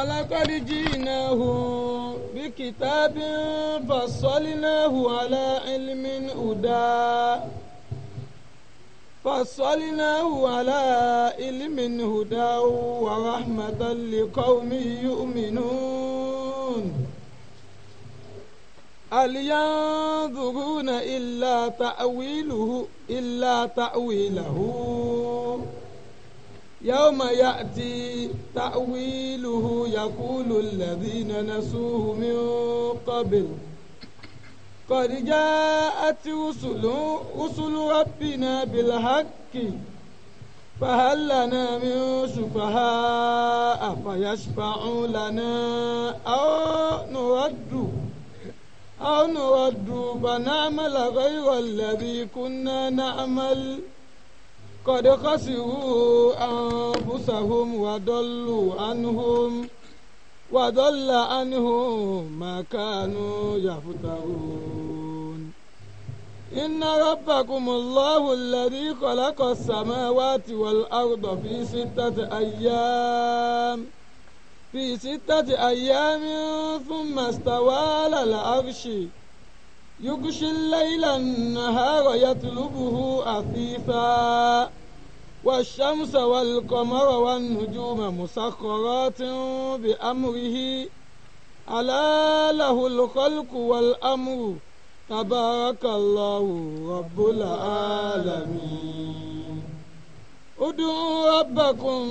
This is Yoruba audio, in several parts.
ولقد جئناهم بكتاب فصلناه على علم هدى فصلناه على علم هدى ورحمة لقوم يؤمنون هل ينظرون إلا تأويله إلا تأويله يوم يأتي تأويله يقول الذين نسوه من قبل قد جاءت رسل رسل ربنا بالحق فهل لنا من شفهاء فيشفعوا لنا أو نرد أو نرد فنعمل غير الذي كنا نعمل ۖ قد خسروا أنفسهم وضلوا عنهم وضل عنهم ما كانوا يفترون إن ربكم الله الذي خلق السماوات والأرض في ستة أيام في ستة أيام ثم استوى على العرش يغشي الليل النهار يطلبه حثيثا والشمس والقمر والنجوم مسخرات بأمره ألا له الخلق والأمر تبارك الله رب العالمين ادعوا ربكم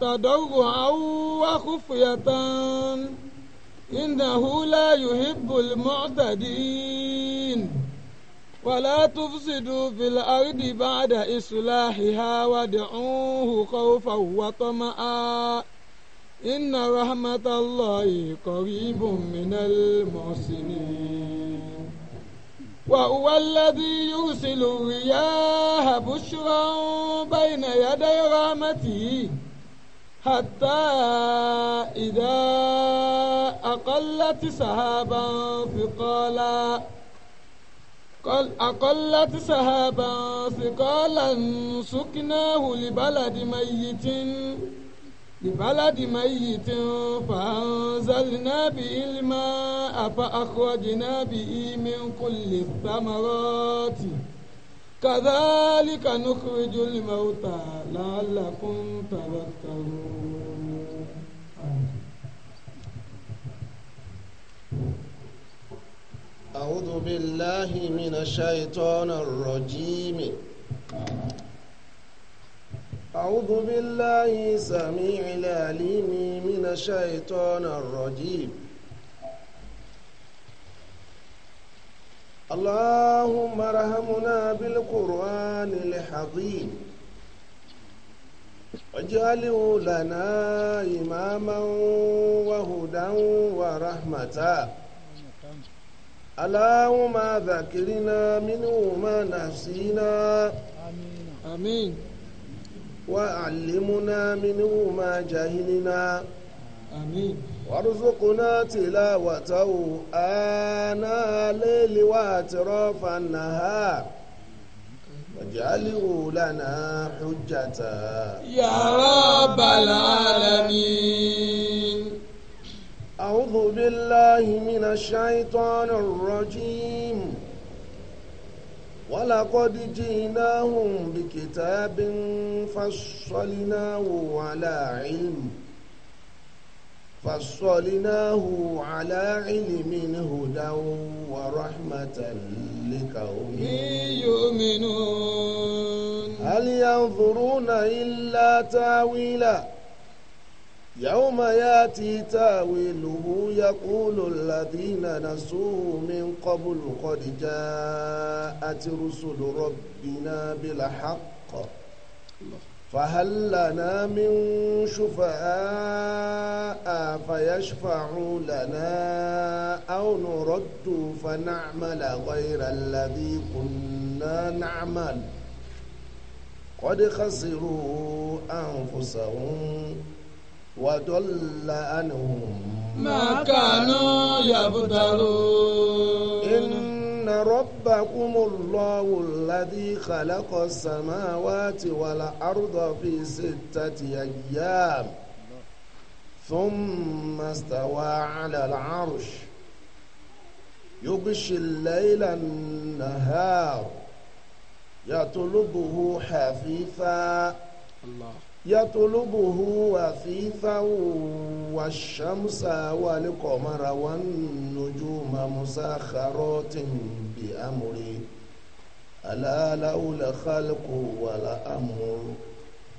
تضرعا وخفية إنه لا يحب المعتدين ولا تفسدوا في الأرض بعد إصلاحها وادعوه خوفا وطمعا إن رحمة الله قريب من المحسنين وهو الذي يرسل الرياح بشرا بين يدي رحمته حتى إذا أقلت سحابا ثقالا أقلت سهابا ثقالا سكناه لبلد ميت لبلد ميت فأنزلنا به الماء فأخرجنا به من كل الثمرات كذلك نخرج الموتى لعلكم تذكرون أعوذ بالله من الشيطان الرجيم أعوذ بالله سميع العليم من الشيطان الرجيم اللهم ارحمنا بالقرآن الحظيم واجعله لنا إماما وهدى ورحمة اللهم ذكرنا منه ما نسينا آمين وعلمنا منه ما جهلنا آمين وارزقنا تلاوته آناء الليل وأطراف النهار واجعله لنا حجة يا رب العالمين أعوذ بالله من الشيطان الرجيم ولقد جئناهم بكتاب فصلناه على علم فصلناه على علم هدى ورحمة لقوم يؤمنون هل ينظرون إلا تاويله يوم ياتي تاويله يقول الذين نسوه من قبل قد جاءت رسل ربنا بالحق فهل لنا من شفعاء فيشفعوا لنا أو نرد فنعمل غير الذي كنا نعمل قد خسروا أنفسهم وضل عنهم ما كانوا يفترون إن ربكم الله الذي خلق السماوات والأرض في ستة أيام ثم استوى على العرش يغشي الليل النهار يطلبه حفيفا الله يطلبه وثيفا والشمس والقمر والنجوم مسخرات بأمره ألا له الخلق والأمر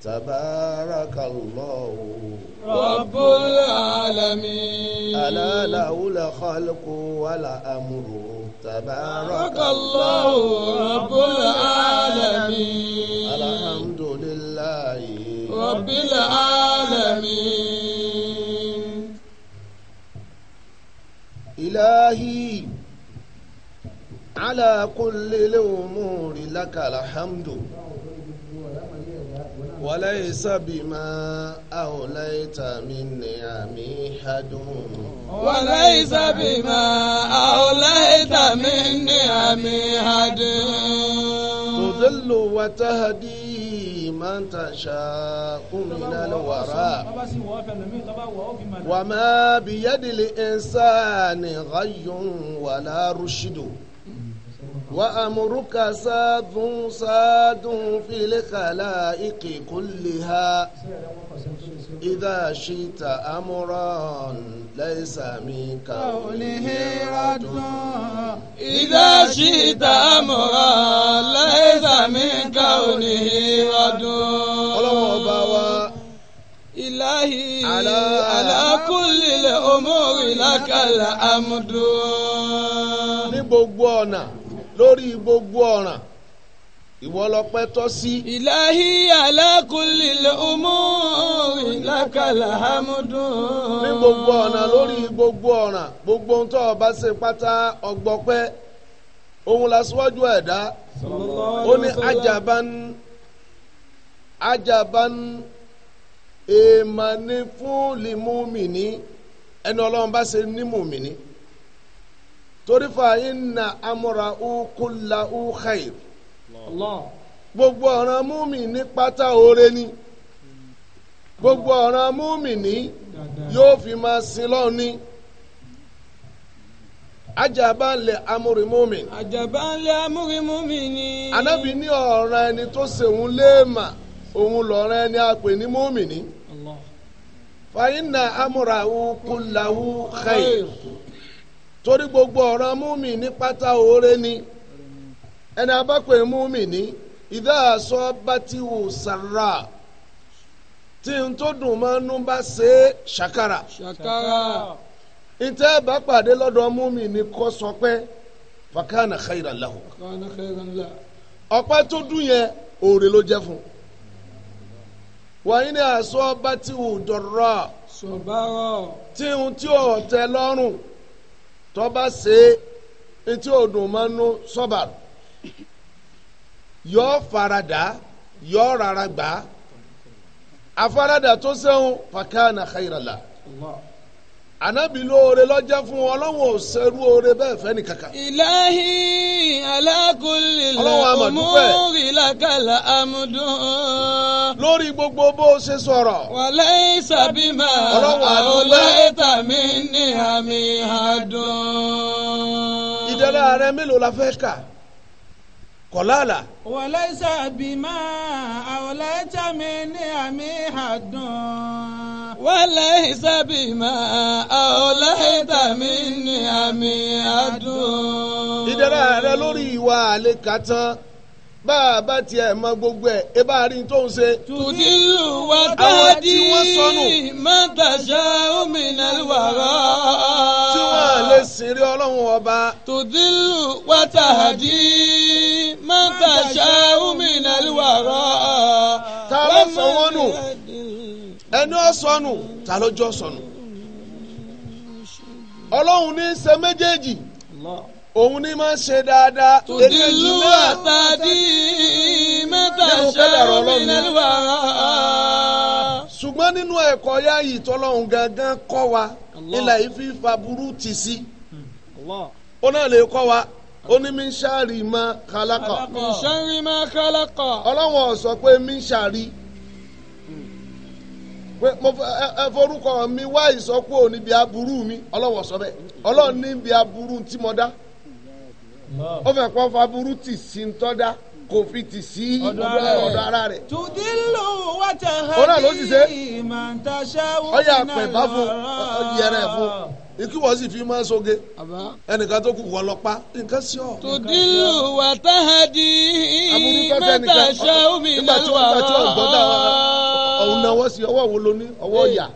تبارك الله رب العالمين ألا له الخلق والأمر تبارك الله رب العالمين رب العالمين إلهي على كل الأمور لك الحمد وليس بما أوليت من نعم حد وليس بما أوليت من نعم حد تضل وتهدي من تشاء من الوراء وما بيد الإنسان غي ولا رشد وأمرك ساد ساد في الخلائق كلها إذا شئت أمرا ليس من قوله رد إذا شئت أمرا ليس من قوله رد إلهي على, على كل الأمور لك الحمد ní lórí gbogbo ọ̀ràn ìwọ lọpẹ́ tọ́ sí. ìlàhí alákùnlélẹ̀ ọmọ ìlàkàlà hamdun. ní gbogbo ọ̀nà lórí gbogbo ọ̀ràn gbogbo ohun tó ọba ṣe pátá ọgbọ́pẹ́ ohun lásìwájú ẹ̀dá ó ní ajaban ajaban èèmà ní fún lìmúmìnì ẹni ọlọ́run bá ṣe ní mùmìnì. torí fa inna amúra u kulla u khair Allah gbogbo ọ̀ràn múmi ní pátá oore ni gbogbo ọ̀ràn múmi ní yóò fi máa sin lọ́ọ̀ ni ajaba lè amúri múmi. ajaba lè amúri múmi ni. anábì ní ọ̀ràn ẹni tó ṣèwọ́n léèmà òun lọ́ràn ẹni àpè ní múmi ni. Allah fa inna amúra u kulla torí gbogbo ọ̀rọ̀ múmi ní pátá oore ni ẹni abákò múmi ní ìdá àṣọ bátíwù sàrà tí n tó dùn máa ń bá ṣe é ṣàkàrà. bá pàdé lọ́dọ̀ múmi ní kó sọ pé fakana khayran tó yẹn oore ló jẹ́ fún un. wàyí ni àṣọ tí n tí ò tọ́ba ṣe etí odùn máa ń nú sọ́bà yọ farada yọ rárá gbà àfaradà tó sẹ́wọ̀n fàkànà khairala. Allah anabi lóore lọ́jọ́ fún ọlọ́run ò ṣerú oore bẹ́ẹ̀ fẹ́ ní kankan. ìlàhí alákùnlélẹ̀ òmùrì làkàlà àmúdùn. lórí gbogbo bó o ṣe sọ̀rọ̀. wàlẹ́ ìsàbímà àwòlẹ́ ìtàmí ní àmì àdùn. ìdẹ́lẹ̀ ààrẹ mélòó la fẹ́ kà kọ̀láàlà. wàlẹ́ ìsàbímà àwòlẹ́ ìtàmí ní àmì àdùn. وليس بما أوليت من àmì adùn. ìdẹ̀ra rẹ lórí ìwà àlekà tán bá a bá tiẹ̀ mọ gbogbo ẹ̀ ẹ bá a rí tó ń ṣe. tùdílù wa tàdí mọ́tàṣá òmìnira wàrà. tí wọ́n lè sèré ọlọ́run ọba. tùdílù wa tàdí mọ́tàṣá òmìnira wàrà. ta ló sọ wọ́n nù ẹni ọ̀sọ́nù ta lọ́jọ́ ọ̀sọ́nù ọlọ́run ní í ṣe méjèèjì òun ní máa ń ṣe dáadáa. tòdìlú àtàdí mẹ́ta ṣẹ́rù nílùú àrà. ṣùgbọ́n nínú ẹ̀kọ́ yá yìí tọ́lọ́run gangan kọ́ wa ilà ìfi faburú ti sí. ó náà lè kọ́ wa ó ní mi ń ṣàrì kálákọ̀. mi sọ pé mi ń ṣàrì. pé ẹ mi wá ìsọkú ò níbi aburú mi ọlọ́wọ̀ sọ bẹ́ẹ̀ ọlọ́run níbi aburú tí mo dá ó fẹ́ kọ́ faburú tì sí ń tọ́ dá kò fi tì sí ọ̀dọ̀ ara rẹ̀. tùdílù wàtà hàbí màtàṣà wọ́n ọ̀yà pẹ̀bá fún fún ikú sì fi máa soge ẹnìkan tó kù lọ pa nǹkan sí ọ. ọ̀hún náwó sí ọwọ́ wo ló ní ọwọ́ ìyà.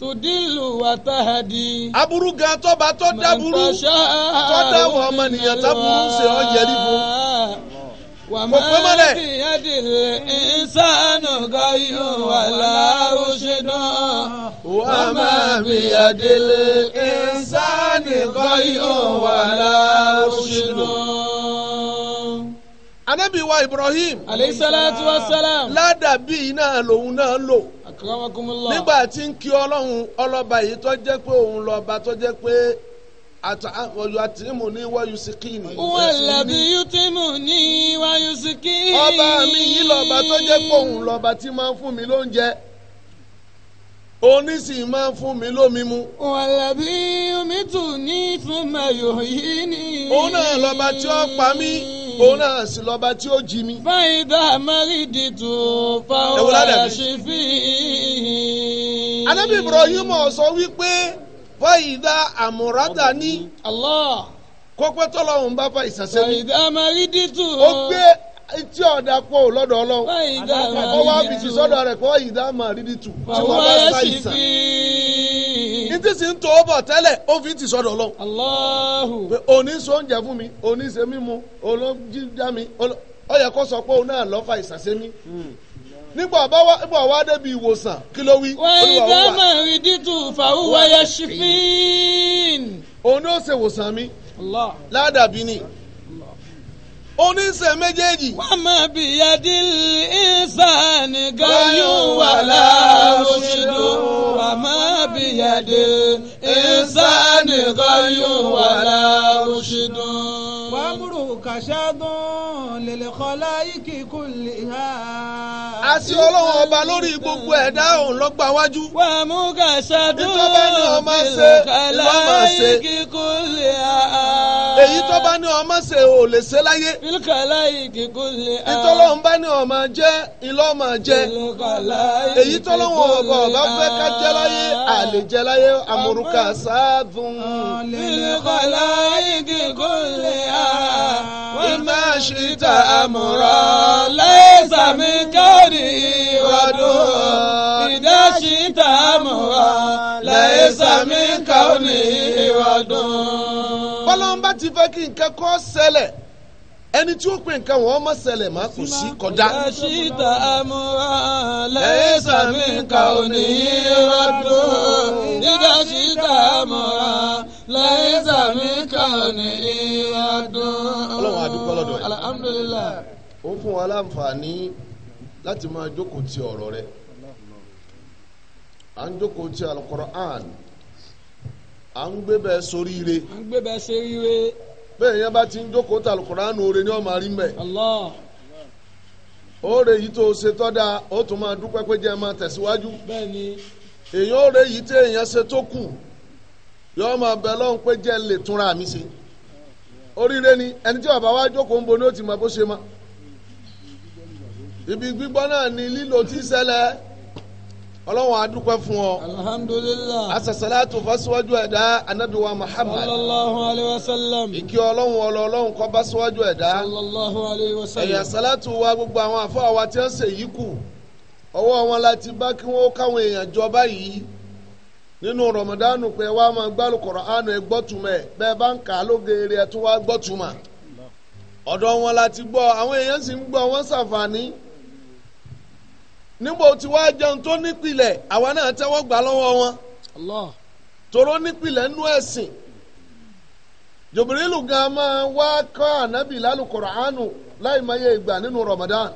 tùdílù àtàhàdì. aburú gan tọ́ba tó dáburú tó dáwọ̀ ọmọnìyàn táburú ṣe ọ̀jẹ̀ rí fún. kò pé mọ́lẹ̀. wàmọ́ ìyàdìlẹ̀ ìsánù gáyọ̀ wà láwùṣẹ́dán. wàmọ́ ìyàdìlẹ̀ ìsánù gáyọ̀ wà láwùṣẹ́dán anabi wa ibrahim. aleyhi salatu wa salam. lòun náà lò. nígbà tí ń kí ọlọ́run ọlọ́ba yìí tó jẹ́ pé òun lọ́ba tó jẹ́ pé àtìmù ní wáyú síkìnì. wàlábí yútìmù ní wáyú síkìnì. ọba mi yìí lọ́ba tó jẹ́ pé òun lọ́ba tí máa ń fún mi lóúnjẹ òní sì máa ń fún mi lómi mu. wàlàbí omi tù ní fún mayo yìí ni. òun náà lọ́ba tí ó pa mí òun náà sì lọ́ba tí ó jí mi. fáyidá márìdì tó fáwọn àṣìfì. Ànábì Ibrahim sọ wípé fáyidá àmúradà ní. Allah. kópẹ́ tọ́lọ́hún bá fa ìsàsẹ́ mi. fáyidá márìdì tó. ó gbé tí ọ̀dà pọ̀ lọ́dọ̀ ọlọ́run ọwọ́ sọdọ sọ́dọ̀ rẹ̀ kọ́ ìdá máa rí ni tù tí wọ́n bá sá ìsàn. Ìtí sì ń tó o bọ̀ tẹ́lẹ̀ o fi ti sọdọ ọlọ́run. Òní sọ oúnjẹ fún mi, òní ṣe mímu, olójí dá mi, ó yẹ kó sọ pé òun náà lọ́fà ìsàsẹ́ mi hmm. nígbà bá wá nígbà wá débi ìwòsàn kí ló wí. wọ́n ìdá rí dìtú ṣìfín. òun ni ó ṣe ìwòsàn mi ládàbí ni oníṣẹ́ méjèèjì. wọ́n mọ̀ bí yadí ìsàní gáyù wà láàrúṣìdó. wọ́n mọ̀ bí yadí ìsàní gáyù wà láàrúṣìdó. رشد للخلائق كلها. àṣì ọlọ́run ọba lórí gbogbo ẹ̀dá òun lọ́gbà wájú. wà á mú kàṣà dùn للخلائق كلها èyí tó bá ní ọmọ ṣe ò lè ṣe láyé. ìlúkàlà igi kò lè á. ìtọ́lọ́hún bá ní ọmọ jẹ́ ìlọ́mọ jẹ́. ìlúkàlà igi kò lè á. èyí tọ́lọ́hún ọ̀gá ọ̀gá fẹ́ ká jẹ́ láyé àlè jẹ́ láyé amúrúkà sáàbùn. ìlúkàlà igi kò lè á. شئت أمرا ليس من كونه ودون إذا شئت أمرا ليس من كونه ودون. bọ́lá ń bá ti fẹ́ kí nǹkan kan ṣẹlẹ̀ ẹni tí ó pè nǹkan wọn ọmọ ṣẹlẹ̀ máa kù sí kọjá. ẹ̀ṣítà amúra lẹ́sà mi kà ò ní ìrọ̀dùn. dídá ṣítà amúra lẹ́sà mi kà ò ní ìrọ̀dùn. ọlọ́run àdúgbò lọ́dọ̀ ẹ̀. alhamdulilayi. ó fún wa láǹfààní láti máa jókòó ti ọ̀rọ̀ rẹ̀. à ń jókòó ti alukoran à ń gbé bẹ́ẹ̀ sóríire. à ń gbé bẹ́ẹ̀ sóríire. bẹ́ẹ̀ yẹn bá ti ń jókòó ta alukuraanu oore ni ọ máa rí mbẹ́. oore yìí tó ṣe tọ́da ó tún máa dúpẹ́ pé jẹ́ máa tẹ̀síwájú. èèyàn oore yìí tí èèyàn ṣe tó kù yọ máa bẹ lọ́hùn pé jẹ́ lè túnra mi ṣe. oríire ni ẹni tí bàbá wa jókòó ń bo ní ó ti mọ bó ṣe ma. ibi gbígbọ́ náà ni lílo ti ṣẹlẹ̀ ọlọ́wọ́n adúpẹ́ fún ọ. alhamdulilah. asasalatu fasiwaju ẹ̀dá anaduwa muhammad. sallallahu alayhi wa sallam. ìkí ọlọ́wọ́n ọlọ́wọ́n kọ́ bá ẹ̀dá. sallallahu alayhi wa sallam. salatu wa gbogbo àwọn afọ àwa tí yìí kù ọwọ́ wọn láti bá kí wọ́n káwọn èèyàn jọ báyìí nínú rọmọdánù pé wàá máa nígbà tí wàá jẹun tó nípìlẹ̀ àwa náà tẹ́wọ́ gbà lọ́wọ́ wọn tòró nípìlẹ̀ nú ẹ̀sìn jòbìrìlù gan máa wá kọ́ ànábì lálùkọ̀rọ̀ àánú láì máa yẹ ìgbà Ramadan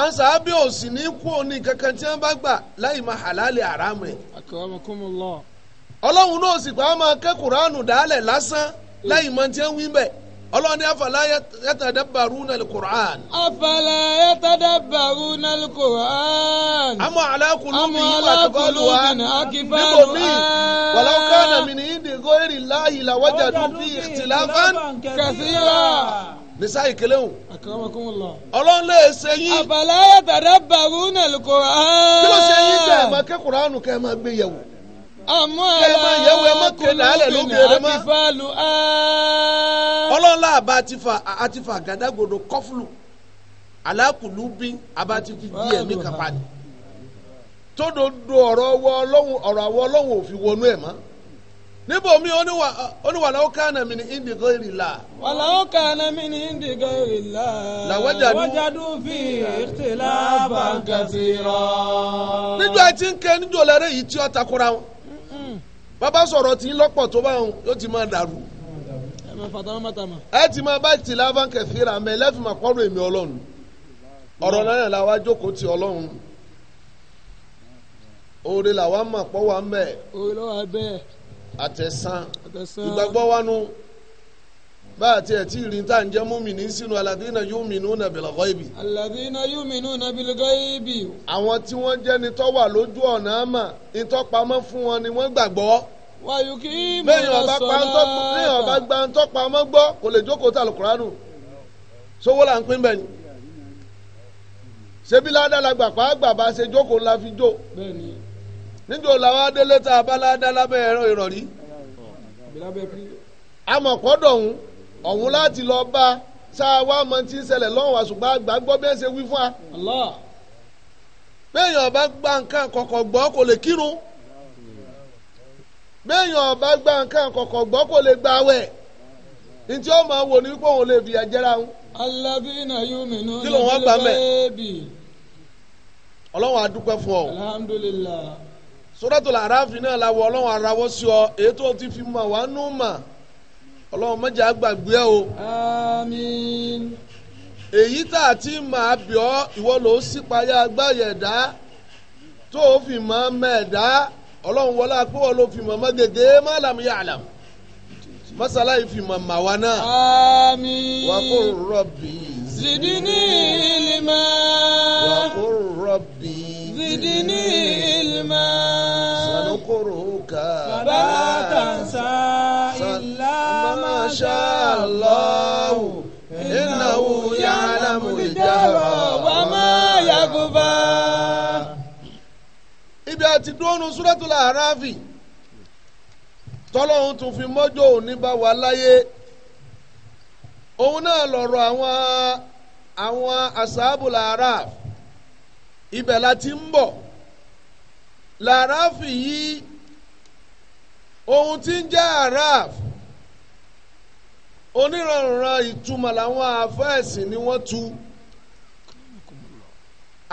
ansa ń òsì ní kú òní kankan tí wọ́n bá gbà láì máa halali àràmù ẹ̀ ọlọ́run náà sì pa á máa àánú dálẹ̀ lásán láì máa tiẹ́ ọlọ́run ní afala yatadabbaruna al-Qur'an. afala yatadabbaruna al-Qur'an. am ala qulubin aqfaluha níbo mi walau kana min indi ghayri Allahi lawajadu fihi ikhtilafan kathira nisa ìkẹlẹ o. akaramakumula. ọlọ́run lè ṣe yín. afala yatadabbaruna al-Qur'an. kí ló ṣe tẹ̀ ẹ̀ máa kẹ́ Kùránù kẹ́ ẹ̀ máa gbé yẹ̀wò. àmọ́ kùnà àfífàlù á. ọlọ́lá àbá àti fà gàdágodo kọ́fùlù alákùlù bí àbá ti fi bí ẹ̀mí kàpá tó ọ̀rọ̀ òfin wọnú ẹ̀ níbo mi ní indigo ìrìlá. ní indigo ìrìlá. làwọ́jàdú fi ìtìlá bàǹkà sí rọ. ń kẹ́ yìí tí wọn. bàbá sọ̀rọ̀ tí ń lọ́pọ̀ tó bá wọn yóò ti máa dàrú. ẹ ti máa bá tìlábà kẹfìrà mẹ lẹ́fìmà pọ́nrọ̀ èmi ọlọ́run ọ̀rọ̀ náà la wá jókòó ti ọlọ́run oore la wá mà pọ́ wa ń àtẹ̀sán ìgbàgbọ́ wa bá a tiẹ̀ tí ìrìn tá à ń jẹ́ múmìnì sínú aladina yuminuna bil ghaibi. aladina yuminuna bil ghaibi. àwọn tí wọ́n jẹ́ ni tọ́ wà lójú ọ̀nà àmà ìtọ́pamọ́ fún wọn ni wọ́n gbàgbọ́. wàyù kí mo lọ sọ̀rọ̀. lẹ́yìn ọba gba ntọ́pamọ́ gbọ́ kò lè jókòó tà lùkùránù. sówó là ń pín bẹ́ẹ̀ ni. ṣebí ládàlá gbàgbà gbàgbà ṣe jókòó la fi jó. níjó làwọn adélé tá a bá ládàlá bẹ́ẹ̀ ẹ̀rọ ìrọ̀rí. ọ̀hún láti lọ bá tá a mọ tí ń ṣẹlẹ̀ lọ́wọ́ àṣùgbọ́n àgbà gbọ́ bẹ́ẹ̀ ṣe wí fún wa. béèyàn bá gba nǹkan kọ̀kọ̀ gbọ́ kò lè kírun béèyàn bá gba nǹkan kọ̀kọ̀ gbọ́ kò lè gbààwẹ̀ ntí ó máa wò ní pé òun lè ń. yóò ọ. náà la wọ arawọ́ sí ti fi mọ̀ wá nù mọ̀. ọlọ́run mọ́jà gbàgbé o. èyí tá a ti máa bì ọ́ ìwọ ló sì payá agbáyẹ̀dá tó o fi mọ́ mẹ́ẹ̀dá ọlọ́run wọlé apẹ́wọ́ ló fi mọ́ mọ́gègé má làm yà àlàm masala yìí fi mọ̀ mà wá náà. wà kó rọ̀bì. zidini ilma. wà kó rọ̀bì. zidini ilma. sanukuru فلا تنسى إلا ما شاء الله إنه يعلم الجهر وما يخفى ibi àti dúrónù súrẹ́tùlà àràáfì tọ́lọ́hún tún fi mọ́jọ́ òní bá wa láyé òun náà lọ̀rọ̀ àwọn àwọn àsáàbùlà àràáfì ibẹ̀ la ń bọ̀ làràáfì yìí ohun tí ń jẹ́ araf onírànran ìtumọ̀ làwọn àfẹ́ẹ̀sì ni wọ́n tu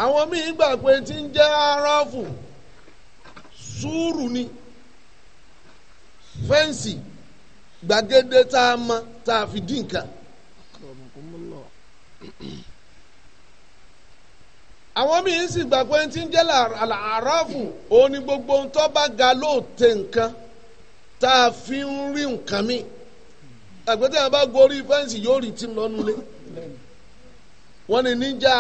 àwọn míín gbà pé tí ń jẹ́ arafu sùúrù ni fẹ́ǹsì gbàgede tá a mọ tá a fi dín nǹkan. àwọn míín sì gbà pé tí ń jẹ́ òun ni gbogbo ohun tó bá ga lóòótẹ́ nǹkan. tá a fi ń rí nǹkan mi àgbẹ̀tẹ̀ yẹn bá gorí fẹ́ǹsì yóò rí tí ń lọ́nu lé wọ́n ní níjà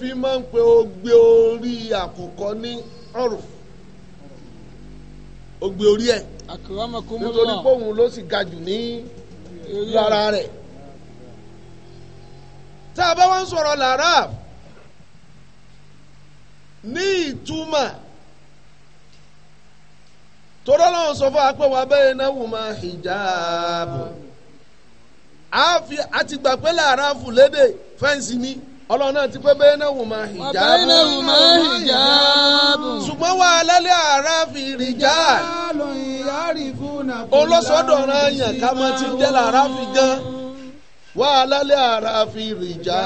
fi máa ń pe ogbe orí àkùkọ ní ogbe orí e nítorí póun ló sì ga jù ní lára tá a bá wá sọ̀rọ̀ torí ọlọ́run sọ fún wa pé wà bẹ́ẹ̀ náà wù máa hijabu a ti gbà pé láàárọ̀ àfùlédè fẹ́ǹsì ni ọlọ́run náà ti pé bẹ́ẹ̀ náà wù máa hijabu. ṣùgbọ́n wà á lálẹ́ àárá fi rìjà. olóṣòdò ọ̀ràn yàn ká máa ti jẹ́ láàárá fi gan. wà á lálẹ́ àárá fi rìjà.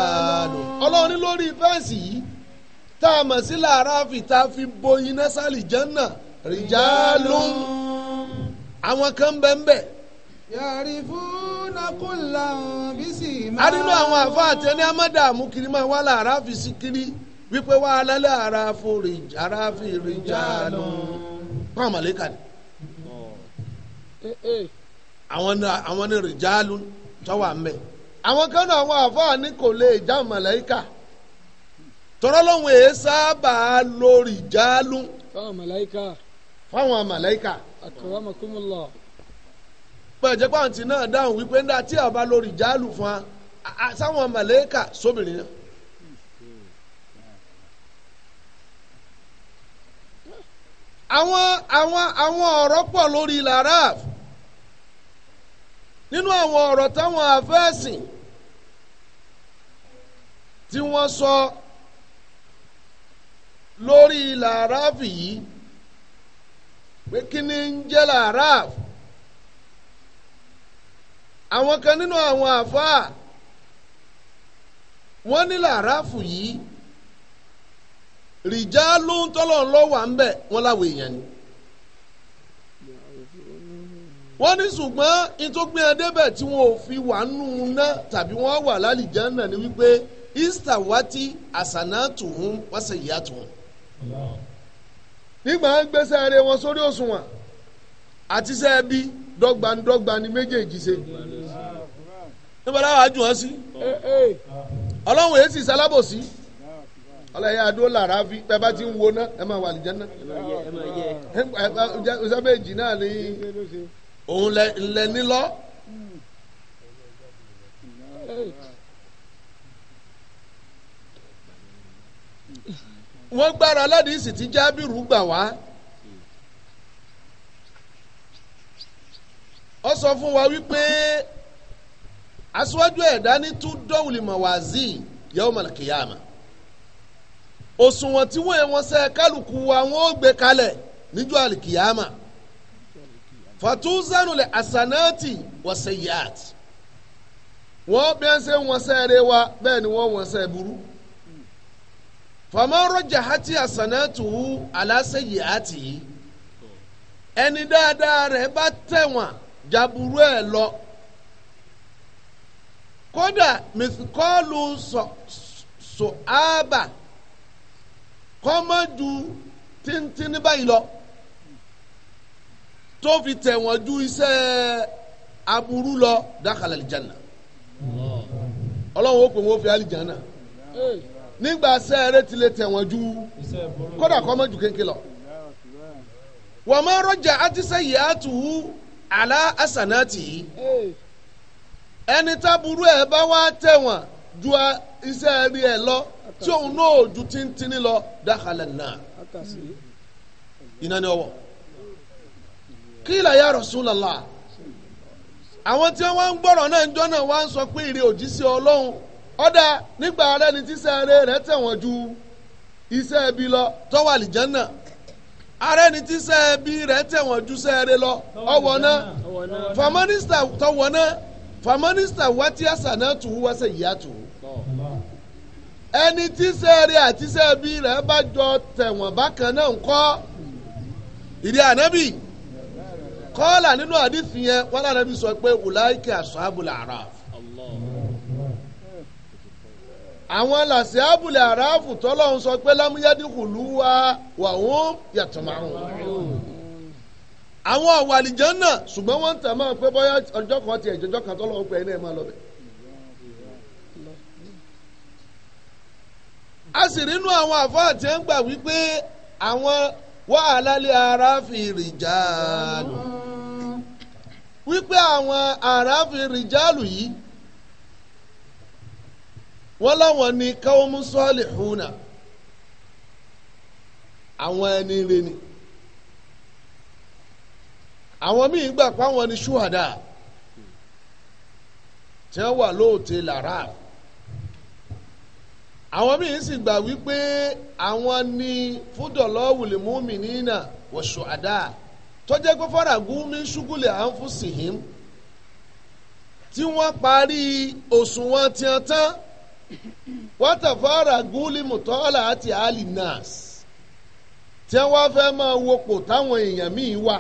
ọlọ́run lórí fẹ́ǹsì yìí tá a mọ̀ sí láàárá fi tá a fi bo iná sálì jẹ́ náà. rijalun àwọn kan bẹ́ẹ̀ bẹ́ẹ̀. yàrìfúnà kùlà bísí máa. a nínú àwọn àfáà tẹ́ni kiri wípé wá ara ara fi ni. àwọn ni rìjálùm tọ́wọ́ mbẹ àwọn kan náà ní kò lè já màlẹ́kà tọ́rọ́ lóhùn èé lórí jálù. fáwọn màláìkà. akramakumullah. pẹ̀jẹ́ pàwọn tí náà dáhùn wípé ń dá tí a bá lórí jáàlù fún wa sáwọn màláìkà sóbìnrin àwọn àwọn àwọn ọ̀rọ̀ pọ̀ lórí laraf nínú àwọn ọ̀rọ̀ táwọn afẹ́sìn tí wọ́n sọ lórí làráfì yìí pé kí ni ń jẹ́ làáràf àwọn kan nínú àwọn àfáà wọ́n ní làáràfù yìí rìjà ló ń tọ́lọ̀ ń lọ́wọ́ à ń bẹ̀ wọ́n láwọn èèyàn ni wọ́n ní ṣùgbọ́n ìtògbé ẹdẹ́bẹ̀ tí wọ́n ò fi wà nù ná tàbí wọ́n wà lálìjáná ni wípé easter wá tí àṣànà tùhún wá sẹ̀yà tùhún. nígbà ń gbéṣẹ́ rẹ wọn sórí òṣùwọ̀n àti sẹ́ bí dọ́gbandọ́gba ni méjèèjì ṣe níbo láwọn àjù wọn sí ọlọ́run èyí sì sálábòsí ọlọ́yẹ adó làrá fi bẹ́ẹ̀ bá ti ń wo náà ẹ máa wà lìjẹ́ náà ọ̀sẹ̀bẹ̀jì náà ni òun lẹ nílọ. wọ́n gbára aládìsí tí jábìrú gbà wá ó sọ fún wa wípé aṣíwájú ẹ̀dá ní tún dọ́wùlì mọ̀wáàzì yawmal qiyama òṣùwọ̀n tí wọ́n wọn sẹ́ kálukú wa wọ́n ó gbé kalẹ̀ níjọ́ àlìkìyàmà fàtúnzánulẹ̀ àsànáàtì wọ́sẹ̀ yíyàtì wọ́n bí wọ́n ṣe ń wọ́n sẹ́ eré wa bẹ́ẹ̀ ni wọ́n wọ́n sẹ́ burú faman rajahati hasanatuhu ala sayyiatihi ẹni dáadáa rẹ̀ bá tẹ̀wọ̀n jàbúrú ẹ̀ lọ kódà mìsíkọ́ọ̀lù sọ̀ábà kọ́mọ́jú tíntín báyìí lọ tó fi tẹ̀wọ̀n ju iṣẹ́ aburú lọ dákàlà àlìjánà ọlọ́run ó pè wọ́n fi àlìjánà nígbà sẹ́ẹ̀rẹ́ ti lè tẹ̀wọ̀n ju kódà kọ́ mọ́ ju kéńké lọ. wọ́n máa rọ́jà àti sẹ́yìí àtúwú àlá àsànàtì yìí ẹni táburú ẹ̀ bá wá tẹ̀wọ̀n ju iṣẹ́ rí ẹ̀ lọ tí òun náà ju tíntínní lọ dákàlẹ̀ náà iná ni ọwọ́ kí la ya Rasulullah àwọn tí wọ́n ń gbọ́rọ̀ náà ń jọ́ náà wá ń sọ pé ìrè òjíṣẹ́ Ọlọ́run ọ̀dà nígbà ara ẹni tí sẹ́ẹ̀rẹ́ rẹ̀ tẹ̀wọ̀n ju iṣẹ́ ẹbí lọ tọ́wọ́ àlìjánà ara ẹni tí sẹ́ẹ̀bí rẹ̀ tẹ̀wọ̀n ju sẹ́ẹ̀rẹ́ lọ ọwọ́ náà fàmọ́nísítà tọwọ́ náà fàmọ́nísítà wá tí àṣà náà tù ú wá sẹ̀ yíyá tù ú. ẹni tí sẹ́ẹ̀rẹ́ àti sẹ́ẹ̀bí rẹ̀ bá jọ tẹ̀wọ̀n bákan náà ń kọ́ ìdí ànábì kọ́ọ̀là nínú àdìsí yẹn wọn lànà bí sọ pé wùláìkì àṣọ àbùlà àràf àwọn làṣẹ abúlé aráàfù tọ́lọ́hún sọ pé lámúyádìkùlù wa wà wọ́n yàtọ̀ márùn. àwọn ọ̀wàlìjọ́ náà ṣùgbọ́n wọ́n ń tà máa pé bóyá ọjọ́ kan tiẹ̀ jọjọ́ kan tọ́lọ́hún pé iná ẹ̀ máa lọ bẹ̀. a sì rínú àwọn àfáà tí ń gbà wípé àwọn wàhálà lé aráàfù rìjàlù wípé àwọn aráàfù rìjàlù yìí wọ́n láwọn ní káwọ́mú sọ́ọ̀lì hùnà àwọn ẹni rẹ ni àwọn míì gbà pé àwọn ni ṣùhàdà tí wọ́n wà lóòótẹ́ làrá àwọn míì sì gbà wípé àwọn ni fúdọ̀lọ́wùlì múmi nínà wọ̀ṣọ̀ àdá tọ́jẹ́ pé fọ́nragún mi ń à ń fún sìhìn tí wọ́n parí òṣùwọ̀n tiẹ̀ tán. wátàfàrà gúlì mùtọ́lá àti alinas tí wọ́n fẹ́ máa wopò táwọn èèyàn míì wà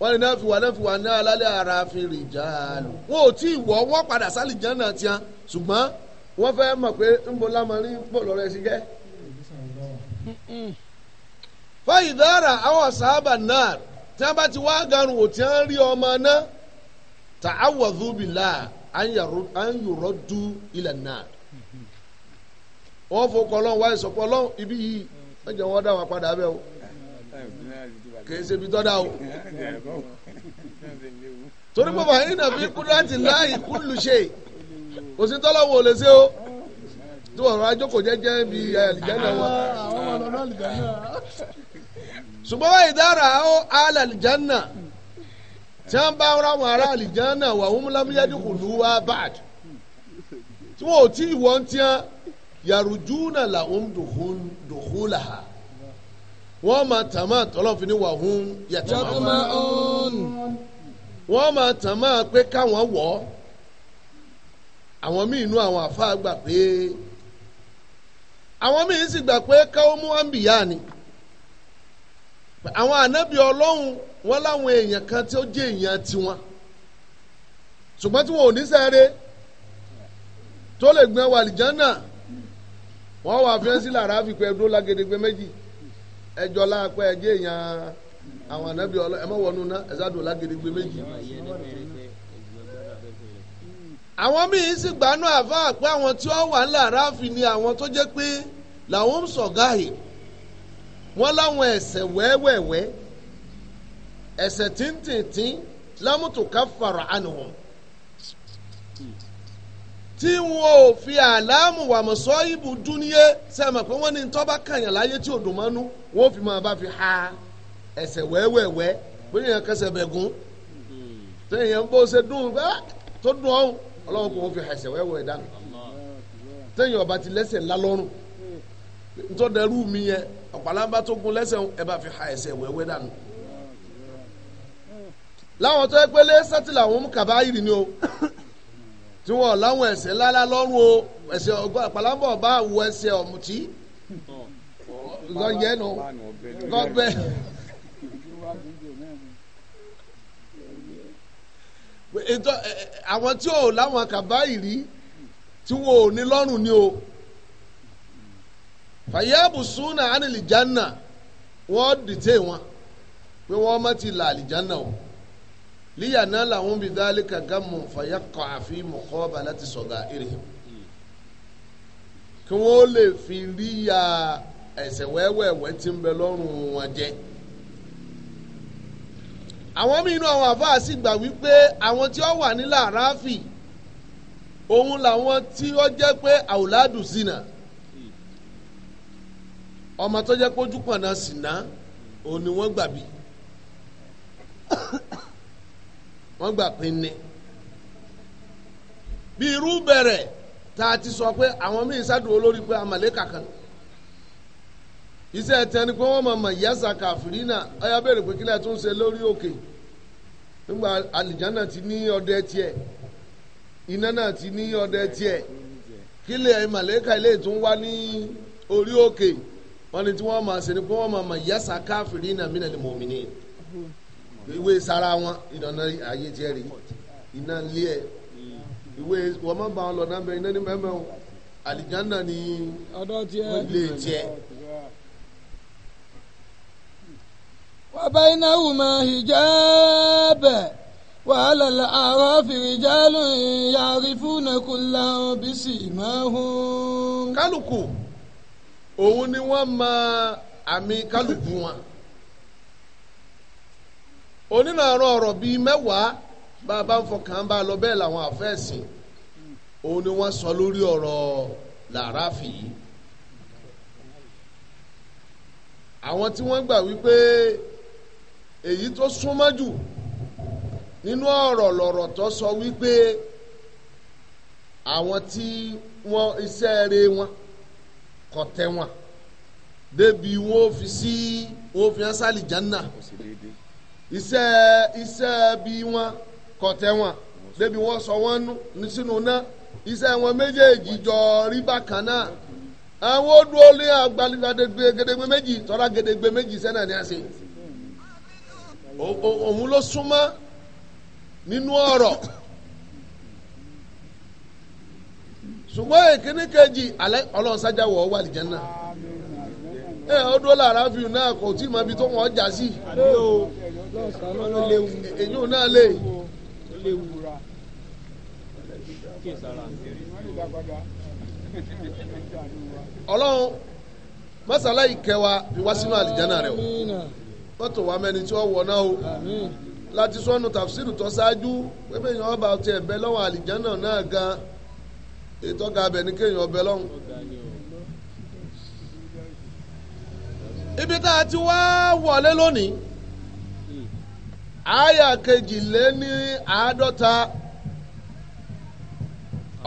wọ́n ní náà fi wà náà fi wà náà lálẹ́ ara fi rìn jáàlù wọn ò tí ì wọ́ wọ́n padà sálì jẹ́ náà tiẹ́ ṣùgbọ́n wọ́n fẹ́ mọ̀ pé pò an yọrọ du ilẹ̀ náà wọ́n fọ kọlọ́n wáyé sọ kọlọ́n ibi yìí wọ́n jẹ́ wọ́n dá wọn padà bẹ́ẹ̀ o kì í ṣe ibi tọ́ da o torí pé fàáyín náà fi kúrò láti láàyè kúlù ṣe kò sí tọ́lọ́ wo lè ṣe o tí wọ́n rọra jókòó jẹ́jẹ́ bí àlìjáná wa. ṣùgbọ́n wáyé dára ó àlàlìjáná tí wọ́n bá ra àwọn ará àlìjáná wà wọ́n múlámúyádì kò lù wá bad tí wọ́n ò tí ì wọ́n tiẹ́ yàrùjú náà làwọn dùkú là á wọ́n máa tàn máa tọ́lọ́fin ní wàhún yàtọ̀mọ́ wọ́n máa tàn máa pé káwọn wọ̀ àwọn míì inú àwọn àfáà gbà pé àwọn míì sì gbà pé káwọn mú àǹbìyá ni àwọn ànábì ọlọ́run wọ́n láwọn èèyàn kan tí ó jẹ́ èèyàn tiwọn ṣùgbọ́n tí wọn ò ní sẹ́ẹ̀rẹ́ tó lè gbẹ́ wàlìjánà wọ́n wà fẹ́ sí làrá fìpẹ́ dúró lágedegbe méjì ẹjọ́ láàpẹ́ ẹjẹ́ èèyàn àwọn ànábì ọlọ ẹ má wọnú ná ẹ sá dùn lágedegbe méjì. àwọn míín sì gbanú àfáà pé àwọn tí wọ́n wà làrá fi ni àwọn tó jẹ́ pé làwọn ń sọ̀gáàyè wọ́n láwọn ẹ̀ṣẹ̀ wẹ́wẹ́wẹ́ ese tíntìntín lamutuka fara ànihùn tí wọn ò fi àlámù wà mọ̀sọ́ ibù dúníyé sẹ́mi pé wọ́n ní tọ́ba kàyàn láyé tí òdò wọ́n fi máa bá fi ha ẹ̀ṣẹ̀ wẹ́wẹ́wẹ́ bóyá èèyàn kẹsẹ̀ bẹ̀gún tẹ́yìn yẹn bó ṣe dùn bá tó dùn ọ́n ọlọ́run kò fi wẹ́wẹ́ dànù ọba ti lẹ́sẹ̀ ńlá ha wẹ́wẹ́ láwọn tó yẹ pé lé sẹ́tìlì àwọn mú kàbá yìí ni o tí wọn láwọn ẹ̀ṣẹ̀ ńláńlá lọ́rùn o ẹ̀ṣẹ̀ ọgbà pàlábọ̀ bá wọ ẹ̀ṣẹ̀ ọ̀mùtí lọ́yẹ̀nu gọ́bẹ́. àwọn tí ò láwọn kàbá yìí rí tí wọn ò ní lọ́rùn ni o fàyàbùsùnà ánìlìjánà wọ́n dìtẹ̀ wọn pé wọ́n má ti là àlìjánà o líyànà làwọn bí dálé kàgá mọ fàyàkọ àfi mọkọ bàlá ti sọgà èrè kí wọn lè fi ríya ẹ̀ṣẹ̀ wẹ́wẹ́wẹ́ tí ń bẹ lọ́rùn wọn jẹ àwọn mìíràn àwọn àfáà sì gbà wípé àwọn tí ó wà nílà ráfì òun làwọn tí ó jẹ́ pé àwòládù sínà ọmọ tó jẹ́ pé ojú pọnà sínà òun ni wọ́n gbà bí wọ́n gba pé ní. bí irú bẹ̀rẹ̀ tá a ti sọ pé àwọn míì sádùn olórí pé àmàlẹ́kà kan iṣẹ́ ẹ̀tẹ́ ni pé wọ́n mọ̀ mọ̀ yẹ́sà kàfìrí náà ọ̀yá bèrè pé kílẹ̀ tó ń ṣe lórí òkè nígbà ti ní ọdẹ tiẹ̀ iná náà ti ní ọdẹ tiẹ̀ kílẹ̀ màlẹ́kà ilé tó wá ní orí òkè wọ́n ní tí ni pé wọn máa mọ̀ yẹ́sà náà mí ìwé sara wọn ìdáná ayé tiẹ̀ rí iná lé ẹ̀ ìwé wọ́n mọ̀ bá wọn náà bẹ iná ní mẹ́mẹ́ o àlìjánà ni wọ́n lè tiẹ̀. wa baynahuma hijab وعلى الأعراف رجال يعرفون كلا بسيماهم kálukú òun ni wọ́n mọ àmì kálukú wọn onínàárọ̀ ọ̀rọ̀ bíi mẹ́wàá bá a bá ń fọkàn bá a lọ bẹ́ẹ̀ làwọn àfẹ́sìn òun ni wọ́n sọ lórí ọ̀rọ̀ làráfì yìí àwọn tí wọ́n gbà wípé èyí tó súnmọ́ jù nínú ọ̀rọ̀ lọ̀rọ̀ tó sọ wípé àwọn tí wọ́n iṣẹ́ rẹ̀ wọn kò tẹ̀ wọn débi wọn fi sí wọn fi hàn sálì jánà iṣẹ́ iṣẹ́ bi wọn kọ̀tẹ́ wọn débi wọ́n sọ wọ́n nù sínú náà iṣẹ́ wọn méjèèjì jọ rí bákan náà àwọn ó dúró lé agbálẹ́gbẹ́ gẹ́dẹ́gbẹ́ méjì tọ́lá gẹ́dẹ́gbẹ́ méjì sẹ́nà ni a òun ló súnmọ́ nínú ọ̀rọ̀ ṣùgbọ́n èkíní alẹ́ ọlọ́run sájà wọ̀ ọ́ ẹ ọdún lára fi náà kò tí ì ma bi tó wọn jà sí. èyí ò náà lè. ọlọ́run masala yìí kẹwa bí wá sínú àlìjáná rẹ o mọ́tò wa mẹ́ni tí wọ́n wọ̀ náà o láti sọ́nu tàfsírù tó ṣáájú pé bẹ́ẹ̀ni ọba ti ẹ̀bẹ́ lọ́wọ́ àlìjáná náà gan ètò eto ga ní kéèyàn ọbẹ̀ lọ́hùn. ibi tá a ti wá wọlé lónìí àyà kejìléní àádọ́ta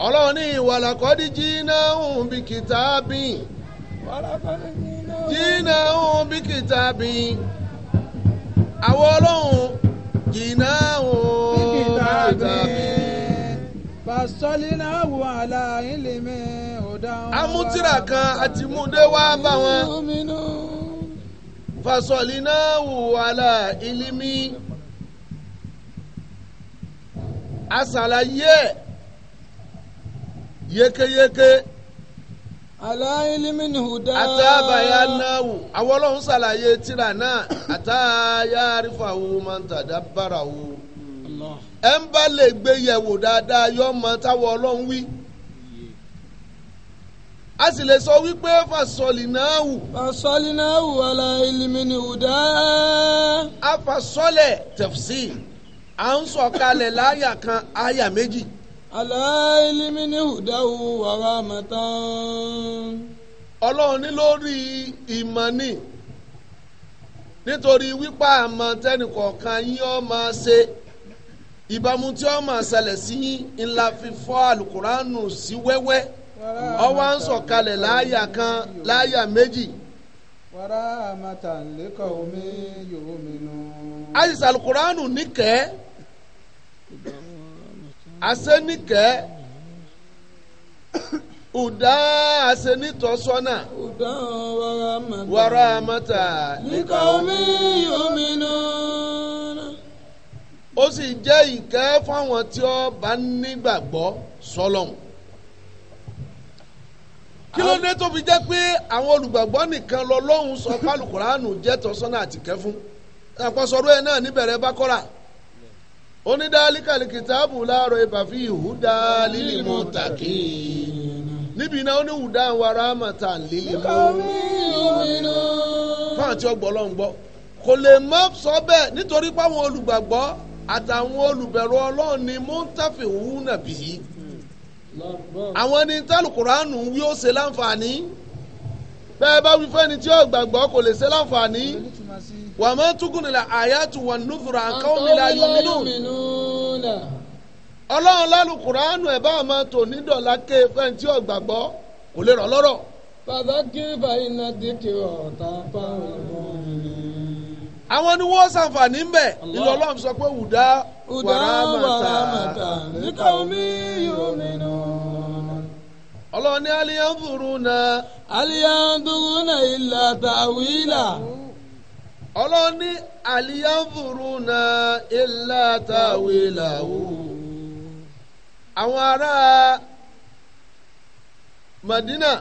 ọlọ́run ní ìwàlàkọ́dí jìnnà òun bí kìtàbín jìnnà òun bí kìtàbín àwọn ọlọ́run jìnnà òun bí kìtàbín fasọ́línà wò àlà ìlímẹ̀ ọ̀dà. kan àti múdé wá bá wọn. Fasolina wàhálà ìlímí asàlàyé yékéyéké aláìlímínú hùdá àtàbàyà náwù àwọn ọlọ́run sàlàyé tírà náà àtàyà àrífàwò máa ń tàdá bára wò ẹ̀ ń bá lè gbé yẹ̀wò dáadáa yọ ọmọ táwọn ọlọ́run wí a sì lè sọ wípé fasọ́lì náà wù. fasọ́lì náà wù ala ìlìmìnì ùdá. a fasọ́lẹ̀ tafsir à ń sọ̀kalẹ̀ láyà kan àyà méjì. ala ìlìmìnì ùdá wù wàrà mọ̀tán. ọlọ́run ní lórí ìmọ̀ ni nítorí wípé àmọ́ tẹnìkọ̀ọ̀kan yín ọ́ máa ṣe ìbámu tí ó máa ṣẹlẹ̀ sí ńlá fífọ́ àlùkùránù sí wẹ́wẹ́. Si ó wá ń sọ̀kalẹ̀ láàyà kan láàyà méjì. wàrà àmàtà lẹ́kọ̀ọ́ omi yòó mi nù. àyíṣà alukuraanu níkẹ́ àṣẹ́nìkẹ́ ùdá àṣẹ́nìtọ́sọ́nà wàrà àmàtà lẹ́kọ̀ọ́ omi yòó mi nù ó sì jẹ́ ìkẹ́ fáwọn tí ó bá nígbàgbọ́ sọlọ́hún kí ló dé tó fi jẹ́ pé àwọn olùgbàgbọ́ nìkan lọ́lọ́hún sọ pálukùránù jẹ́ tọ́sọ́nà àtìkẹ́ fún àpọ̀sọ̀rọ̀ ẹ̀ náà níbẹ̀rẹ̀ bá kọ́ra onídàálíkàlì kìtàbù láàrọ̀ ìbàfí ìhùdá lílì mú tàkì níbi iná oníhùdá wa rámàtà lílì mú. fáwọn tí ó gbọ́ lọ́n kò lè mọ́ sọ bẹ́ẹ̀ nítorí páwọn olùgbàgbọ́ àtàwọn olùbẹ̀rù ọlọ́run ni mú nàbìyí àwọn ẹni tálùkùránù wí ó ṣe láǹfààní bẹ́ẹ̀ bá wí fẹ́ni tí ó gbàgbọ́ kò lè ṣe láǹfààní wà má túkùnìlà àyàtù wà nùfùrà àkọ́wọ́mìlà yọmínú ọlọ́run lálùkùránù ẹ̀ bá máa tò nídọ̀lá ké fẹ́ni tí ó gbàgbọ́ kò lè rọ̀ lọ́rọ̀. bàbá báyìí náà dé ọ̀tá fáwọn ọmọ mi. àwọn ni wọ́n ṣàǹfààní ń bẹ̀ ìlú ọlọ́run sọ pé wùdá ọlọ́ni aliyanburuna. aliyanburuna ilà tàwílà. ọlọ́ni aliyanburuna ilà tàwílà o. àwọn ará Madina.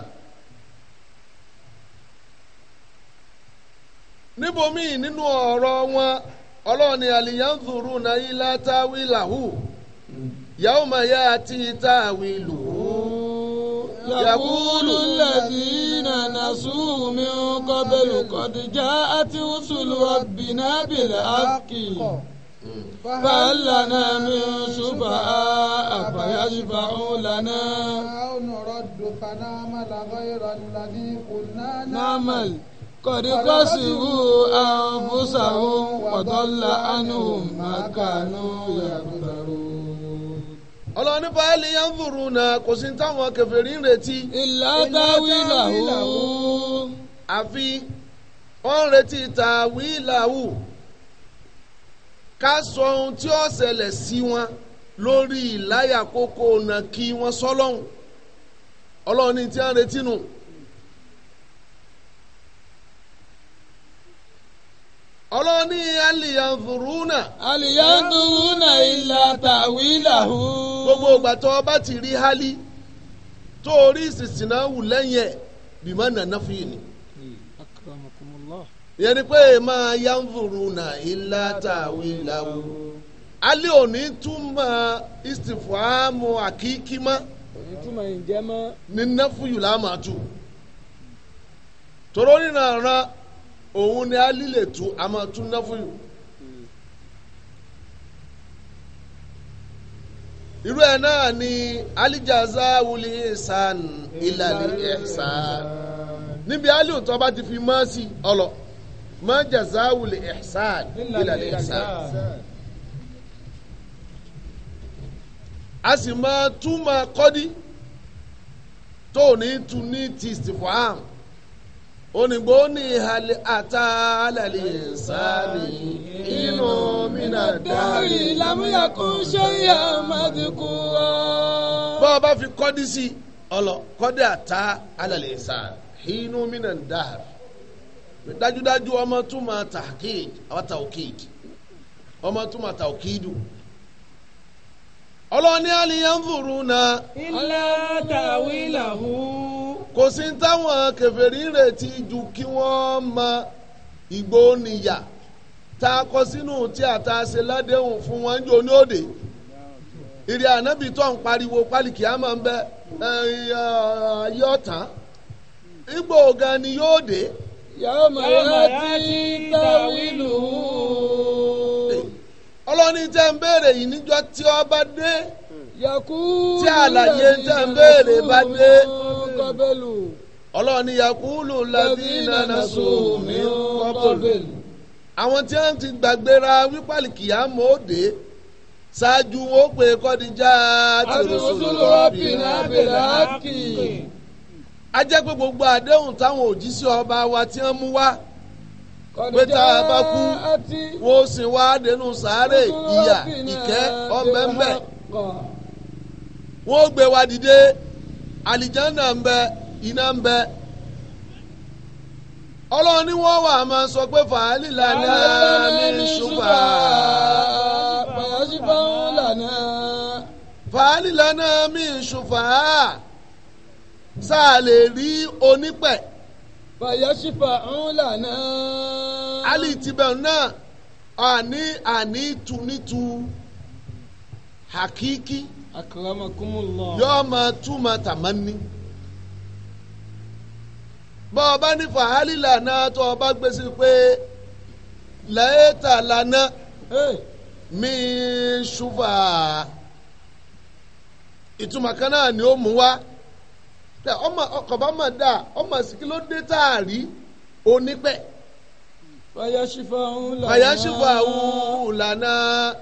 níbo míì nínú ọ̀rọ̀ wọn. ọlọ́run ni àlìyànfòrò náà ilá táwí làwù yàwó máa yá àti táwí lò ó. يقول الذين نسوا من قبل قد جاءت رسل ربنا بالحق فهل لنا من شفعاء فيشفعوا لنا أو نرد فنعمل غير الذي قلنا نعمل قد خسروا أنفسهم وضل عنهم ما كانوا يفترون ọlọ́run nípa ẹ̀lì yẹn ń fòrò náà kò sí táwọn kèfèrí ń retí. ìlà táwí làwù. àfi wọ́n ń retí tàwí làwù ká sọ ohun tí ó ṣẹlẹ̀ sí wọn lórí ìláyà kókó ọ̀nà kí wọ́n sọ́lọ́hún ọlọ́run tí ń retí nù. No ọlọ́run ní aliyanfuruna. aliyanfuruna ilà tàwílàhù. gbogbo ìgbà tó o bá ti rí hali tó o rí ìsìsìnà wù lẹ́yìn ẹ̀ bímọ nàná fún yìí ni. ìyẹn ni pé máa yanfuruna ilà tàwílàhù. ali ò ní túmọ̀ istifuamu àkíkí mọ́. ò ní túmọ̀ ǹjẹ́ mọ́. ní náfúyù láàmà tù. rán òun ni a lílè tu a máa tún ná fún yìí. irú ẹ̀ náà ni alijaza wuli ihsan ilali ihsan níbi aliu tó bá ti fi mọ́ sí ọlọ mọ́ jaza wuli ihsan ilali ihsan. a sì máa túmọ̀ kọ́dí tó ní tu ní ti istifham onigbo ni hali ata alali insani inu mina dari lamuyakun seya madikura. bọ́ ọ bá fi kọ́dí sí ọlọ kọ́dí ata alali insani inu mina dari dájúdájú ọmọ túmọ̀ tahkid àwọn tawkid ọmọ túmọ̀ tawkidu ọlọ́ni aliyan furu na. ilé tàwílà hù. kò sí táwọn kèfèrí retí ju kí wọ́n mọ ìgbó nìyà tá a kọ sínú tí a ta ṣe ládéhùn fún wọn jò ní òde ìrì ànábì tó ń pariwo pálíkì á máa ń bẹ ayé ọ̀tá igbó gan ni yóò dé. yàrá màá ti táwílù. ọlọ́ni tẹ́ ń béèrè yìí níjọ́ tí ó bá dé. yakú tí àlàyé tẹ́ ń béèrè bá dé. kọ́bẹ́lù. ọlọ́ọ̀ni yakulu ladina nasu min kọ́bẹ́lù. àwọn tí wọ́n ti gbàgbéra wípàlì kìá mòóde ṣáájú wọn ó pè kọ́díjà àtúrọ̀sọ̀rọ̀ ọ̀bìnrin abẹ́rẹ́ àkì. a jẹ́ pé gbogbo àdéhùn táwọn òjíṣẹ́ ọba wa tí wọ́n mú wá pé tá a bá kú wọ́n ó wá dénú sàárè ìyà ìkẹ́ ọ̀bẹ̀ńbẹ̀ wọ́n gbé wa dìde àlìjánà ń bẹ iná ń bẹ ọlọ́run ni wọ́n wà máa sọ pé fàálì lànà mi ṣùgbà. fàálì lànà mi ṣùgbà sáà lè rí onípẹ̀. fàyàṣìfà ń lànà. alì tibẹ̀ náà àní àní tunitu hakiki akramakumullah. yóò máa túmọ̀ tàmánì bọ́ ọ bá ní fàhálì lànà tó o bá gbé pé lẹ́ẹ̀ta lànà mí ṣùfà ìtumọ̀ kan náà ni ó mú wá ọmọ ọkọ̀ bá mọ̀ dáa ọmọ sìkí ló dé tá a rí onípẹ́ fàyàṣìfà òun lànà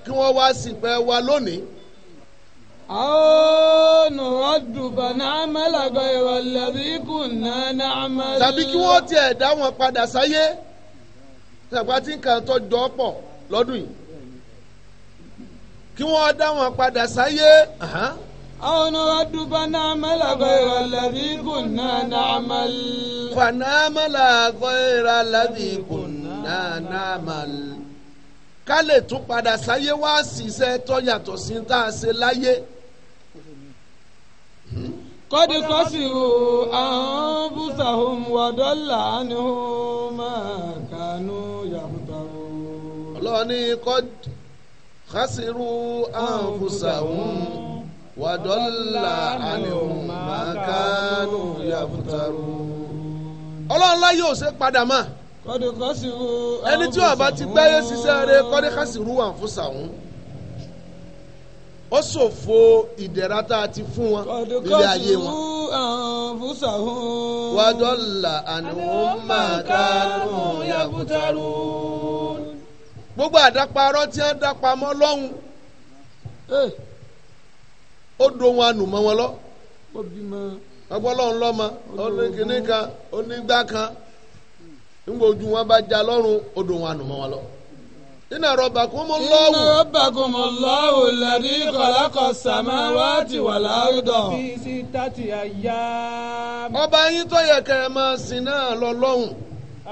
kí wọ́n wá sí pẹ́ wa lónìí. أو نرد فنعمل غير الذي كنا نعمل. tàbí kí wọ́n tiẹ̀ dá wọn padà sáyé tàbá tí nǹkan tó jọ pọ̀ lọ́dún yìí kí wọ́n dá wọn padà sáyé. أو نرد فنعمل غير الذي ká lè tún padà sáyé wá ṣiṣẹ́ tó yàtọ̀ sí tá a ṣe láyé. قد خسروا أنفسهم وضل عنهم ما كانوا يفترون الله ني قد خسروا أنفسهم وضل عنهم ما كانوا يفترون ọlọ́run láyé ò ṣe padà mọ́ ẹni tí ó bá ti gbáyé ṣiṣẹ́ rẹ̀ kọ́dé kásìrú àǹfọ̀ṣà òun. ó ṣòfò ìdẹ̀ra tá a ti fún wọn nílé ayé wọn. wàdọ́là àníwọ̀n máa gbogbo àdáparọ́ tí wọ́n dápamọ́ lọ́hùn eh. ó do wọn wọn lọ. ọgbọ́lọ́hún lọ́mọ oníkìníkan onígbà kan nígbà ojú wọn bá já lọ́rùn ó do iná rọba kún mú lọ́wọ́. iná rọba kún mú lọ́wọ́ lẹ́ni kọ̀lákọ̀ sàmáwáàtì wà láàrúdọ̀. bísí tàti àyà. ọba yín tó yẹ kẹ́ ẹ máa sìn náà lọ lọ́hùn.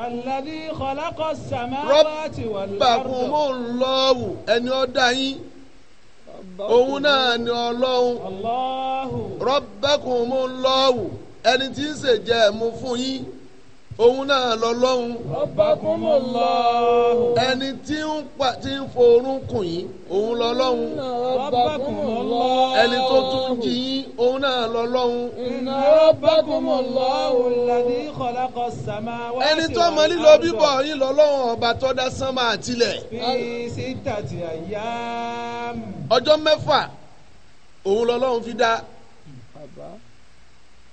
àlàdí kọ̀lákọ̀ sàmáwáàtì wà láàrúdọ̀. rọba kún mú lọ́wọ́ òun náà ni ọlọ́hun. rọba mú lọ́wọ́ ẹni tí ń ṣèjẹ́ mú fún yín òun náà lọ lọ́hùn. Rabbakumullahu. ẹni tí ń pa tí ń forún kùn yín òun lọ lọ́hùn. Rabbakumullahu. ẹni tó tún jí yín òun náà lọ lọ́hùn. Inna Rabbakumullahu alladhi khalaqa as-samawati. ẹni tó mọ lílọ bíbọ̀ yín lọ lọ́hùn ọba tó dá sánmà àtilẹ̀. fi sittati ayyam. ọjọ́ mẹ́fà òun lọ́lọ́run fi dá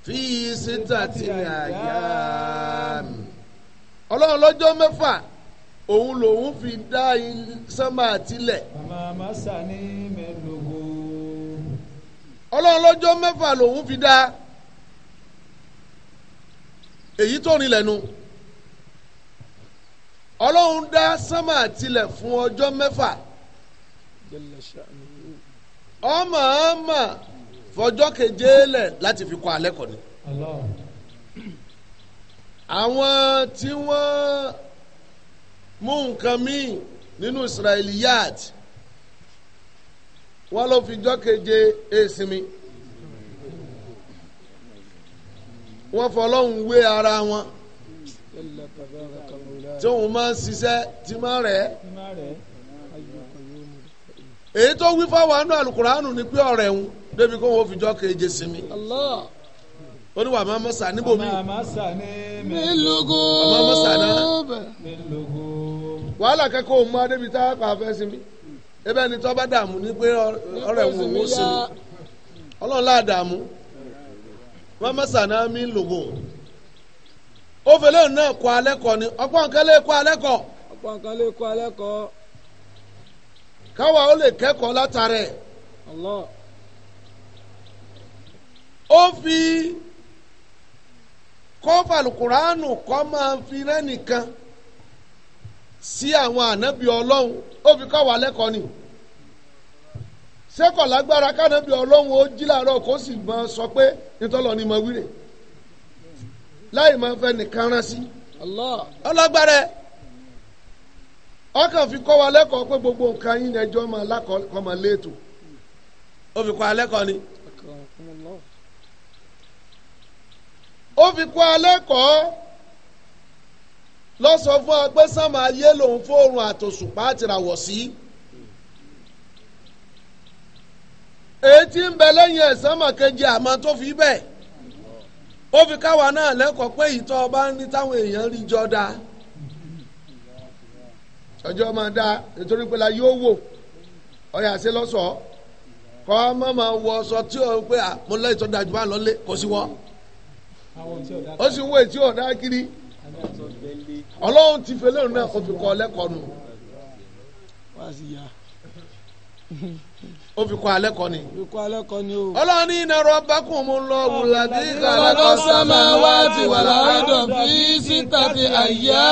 fi sítàtì àyàm. ọlọ́run lọ́jọ́ mẹ́fà òun lòun fi dá sánmà àtìlẹ̀. màmá sani mẹ́lòó. ọlọ́run lọ́jọ́ mẹ́fà lòun fi dá èyí tó rin lẹ́nu. ọlọ́run dá sánmà àtìlẹ̀ fún ọjọ́ mẹ́fà. ọmọ ọmọ fọjọ́ keje lẹ̀ láti fi kọ́ alẹ́ kọ́ ni. àwọn tí wọ́n mú nǹkan míì nínú israeliyat wọ́n ló fi jọ́ keje èsìmí e wọ́n fọlọ́hún wé ara wọn tí òun máa ń ṣiṣẹ́ tí máa rẹ̀ èyí tó wí fáwọn àánú àlùkùránù ni pé ọ̀rẹ́ òun. débi kó wọn fìjọ keje sinmi. ó ní wà máa mọ̀ sàn níbo mi. wàhálà kẹ́kọ̀ọ́ mú adébi tá a pa afẹ́ sinmi. ebe ẹni tó bá dààmú ní pé ọ̀rọ̀ ẹ̀wọ̀n owó sinmi. ọlọ́run láà dààmú. wọ́n mọ̀ sàn náà mí lògò. ó fẹ́lẹ́ náà kọ́ alẹ́ kọ́ ni ọ̀pọ̀ nǹkan lè kọ́ alẹ́ kọ́. ọ̀pọ̀ nǹkan lè kọ́ alẹ́ kọ́. káwa ó lè kẹ́kọ̀ọ́ látara ẹ̀. ó fi kọ́fàlù kùránù kọ́ máa fi rẹ́nìkan sí àwọn ànábì ọlọ́run ó fi kọ́ alekọ ni sẹ́kọ̀ lágbára kánábì ọlọ́run ó jí làárọ̀ kó sì sọ pé nítọ́lọ́ ni mo ma láì máa fẹ́ nìkan rán sí ọlọ́gbára ọkàn fi kọ́ wa lẹ́kọ̀ọ́ pé gbogbo nǹkan yín ẹjọ́ máa lákọ̀ọ́ máa léètò ó fi kọ́ wa ni. ó fi kọ́ alẹ́ fún wa pé ayé lòun fóòrùn àtòṣùpá àtìràwọ̀ sí. ètí ń bẹ lẹ́yìn ẹ̀ kejì àmọ́ tó fi bẹ́ẹ̀ ó fi káwa náà pé ìtọ́ ọba ń ní táwọn èèyàn rí jọ da ọjọ́ máa da nítorí pé la yóò wò ọyà sí lọ́sọ̀ọ́ kọ́ má máa wọ ọsọ tí ó sì ń wo ètí ọ̀dá kiri ọlọ́run ti fẹ́ lóun náà ó fi kọ́ lẹ́kọ̀ọ́ nù ó fi kọ́ alẹ́ kọ́ ni. ọlọ́run ní iná rọ́bà kún mú lọ wùlà tí kàrà kọ́ wá ti wà láàdọ̀ fi síta ti àyà.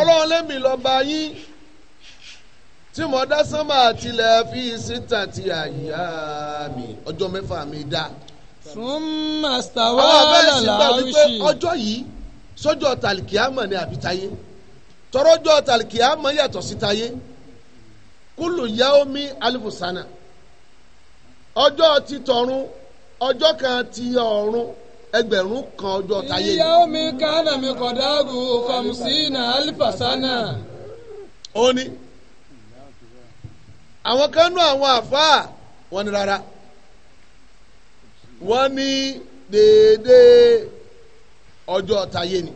ọlọ́run lẹ́mìí lọ́ba yín tí mo dá sánmà tilẹ̀ fi síta ti àyà mi ọjọ́ mẹ́fà mi dá súnmọ́ sàwọ́ àlàlà àrùsì. ọjọ́ yìí sọ́jọ́ talikiyama ni abitaye. táyé talikiyama tàlìkìámọ̀ yàtọ̀ Kulu táyé kúlù yaomi alifusana ọjọ́ ti tọ̀run ọjọ́ kan ti ọ̀run ẹgbẹ̀rún kan ọjọ́ táyé. yaomi kánà mi kọ̀dáàgù kọ̀mùsínà alifasana. ó ní àwọn kan nú àwọn àfáà wọn ni rárá. wọ́n ní déédéé ọjọ́ tayé ni.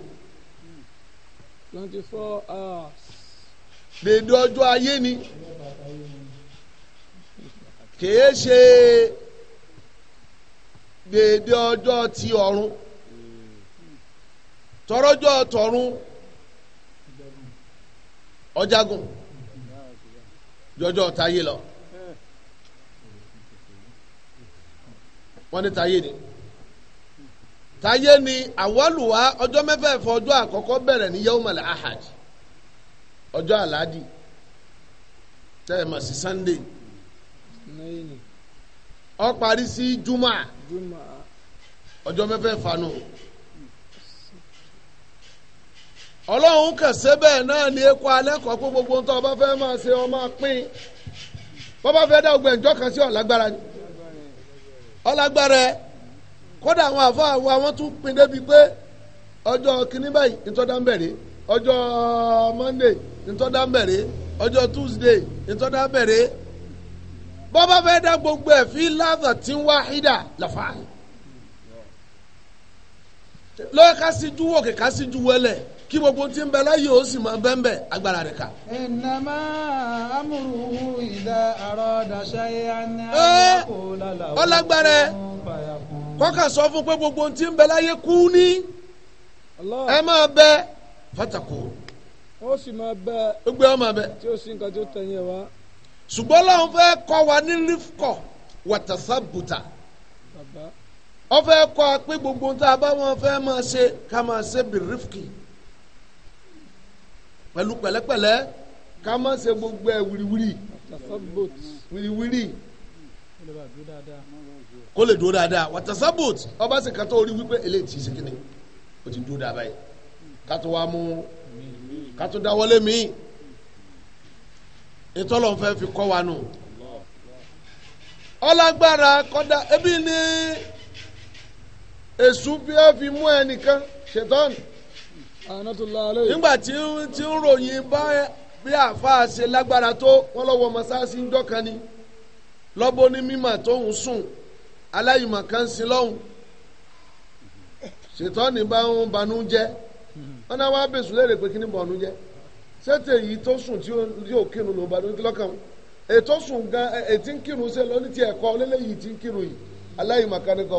déédéé ọjọ́ ayé ni kèé ṣe déédéé ọjọ́ ti ọ̀run tọrọjọ́ tọ̀run ọjàgùn jọjọ́ tayé lọ. wọ́n ní táyé ni táyé ni àwọlùwà ọjọ́ mẹ́fẹ̀ẹ̀fọ́ ọjọ́ àkọ́kọ́ bẹ̀rẹ̀ ní yawmal ahad ọjọ́ àládì tẹ́lẹ̀ mọ̀ sí sunday ọ parí sí juma ọjọ́ mẹ́fẹ́ nù ọlọ́run kẹsẹ́ bẹ́ẹ̀ náà ní ekó alẹ́ gbogbo ọba máa ṣe ọmọ pín dá ọgbẹ́ kan sí ọlágbára ẹ kódà àwọn àfa àwọn àwọn tún pin débi pé ọjọ́ kìnní báyìí ntọ́dámbẹ̀rẹ̀ ọjọ́ monday ntọ́dámbẹ̀rẹ̀ ọjọ́ tuesday ntọ́dámbẹ̀rẹ̀ bọ́bá fẹ́ dá gbogbo ẹ̀ fi láàbà tí ń wá hídà lọ́fà lọ́ọ́ ká sí juwọ́ kẹ̀ sí juwọ́ lẹ̀ kí gbogbo tí ń bẹ láyé ó sì máa bẹ́ńbẹ́ agbára rẹ̀ kà. ìnàmá amúrúhu ìdá àròdà ṣáyé ní àkókò lálàó. ọlágbára ẹ kọ́kà sọ fún pé gbogbo tí ń bẹ láyé kú ní ẹ máa bẹ pátákó. ó sì máa bẹ. ó gbé ọmọ bẹ. tí ó sì ń ka tí ó tẹ̀yìn wá. ṣùgbọ́n láwọn fẹ́ kọ́ wa ní rifkọ̀ wàtàsá bùtà wọ́n fẹ́ kọ́ pé gbogbo tá a bá wọn fẹ́ máa ṣe ká máa ṣe bìrìfkì pẹ̀lú pẹ̀lẹ́pẹ̀lẹ́ ká má ṣe gbogbo ẹ̀ wíríwírí wíríwírí kó lè dúró dáadáa watasabot ọba sì kàtó orí wípé eléyìí ti ṣe kíni o ti dúró dáadáa yìí kátó wá mú kátó dáwọ́lé mi ìtọ́lọ̀ fẹ́ fi kọ́ wa nù ọlágbára kọ́dá ebi ni èṣù fi mú ẹnìkan ṣètọ́nù. nígbà tí ń ròyìn bá bí àáfàá ṣe lágbára tó wọn lọ́wọ́ mọ́sáàsì ń dọ́kan ni lọ́bọ̀ ní mímọ̀ tóun sùn aláìmọ̀ kan sí lọ́hùn ṣètọ́ni bá ń banú jẹ́ wọn náà wá léèrè pé kí ni bọ̀ọ̀nù jẹ sẹ́tẹ̀ èyí tó sùn tí yóò kírun ló banú lọ́kàn ètò sùn gan ń kírun ṣe lọ ní ti ẹ̀kọ́ lélẹ́yìí ti ń kírun yìí aláìmọ̀ kan kò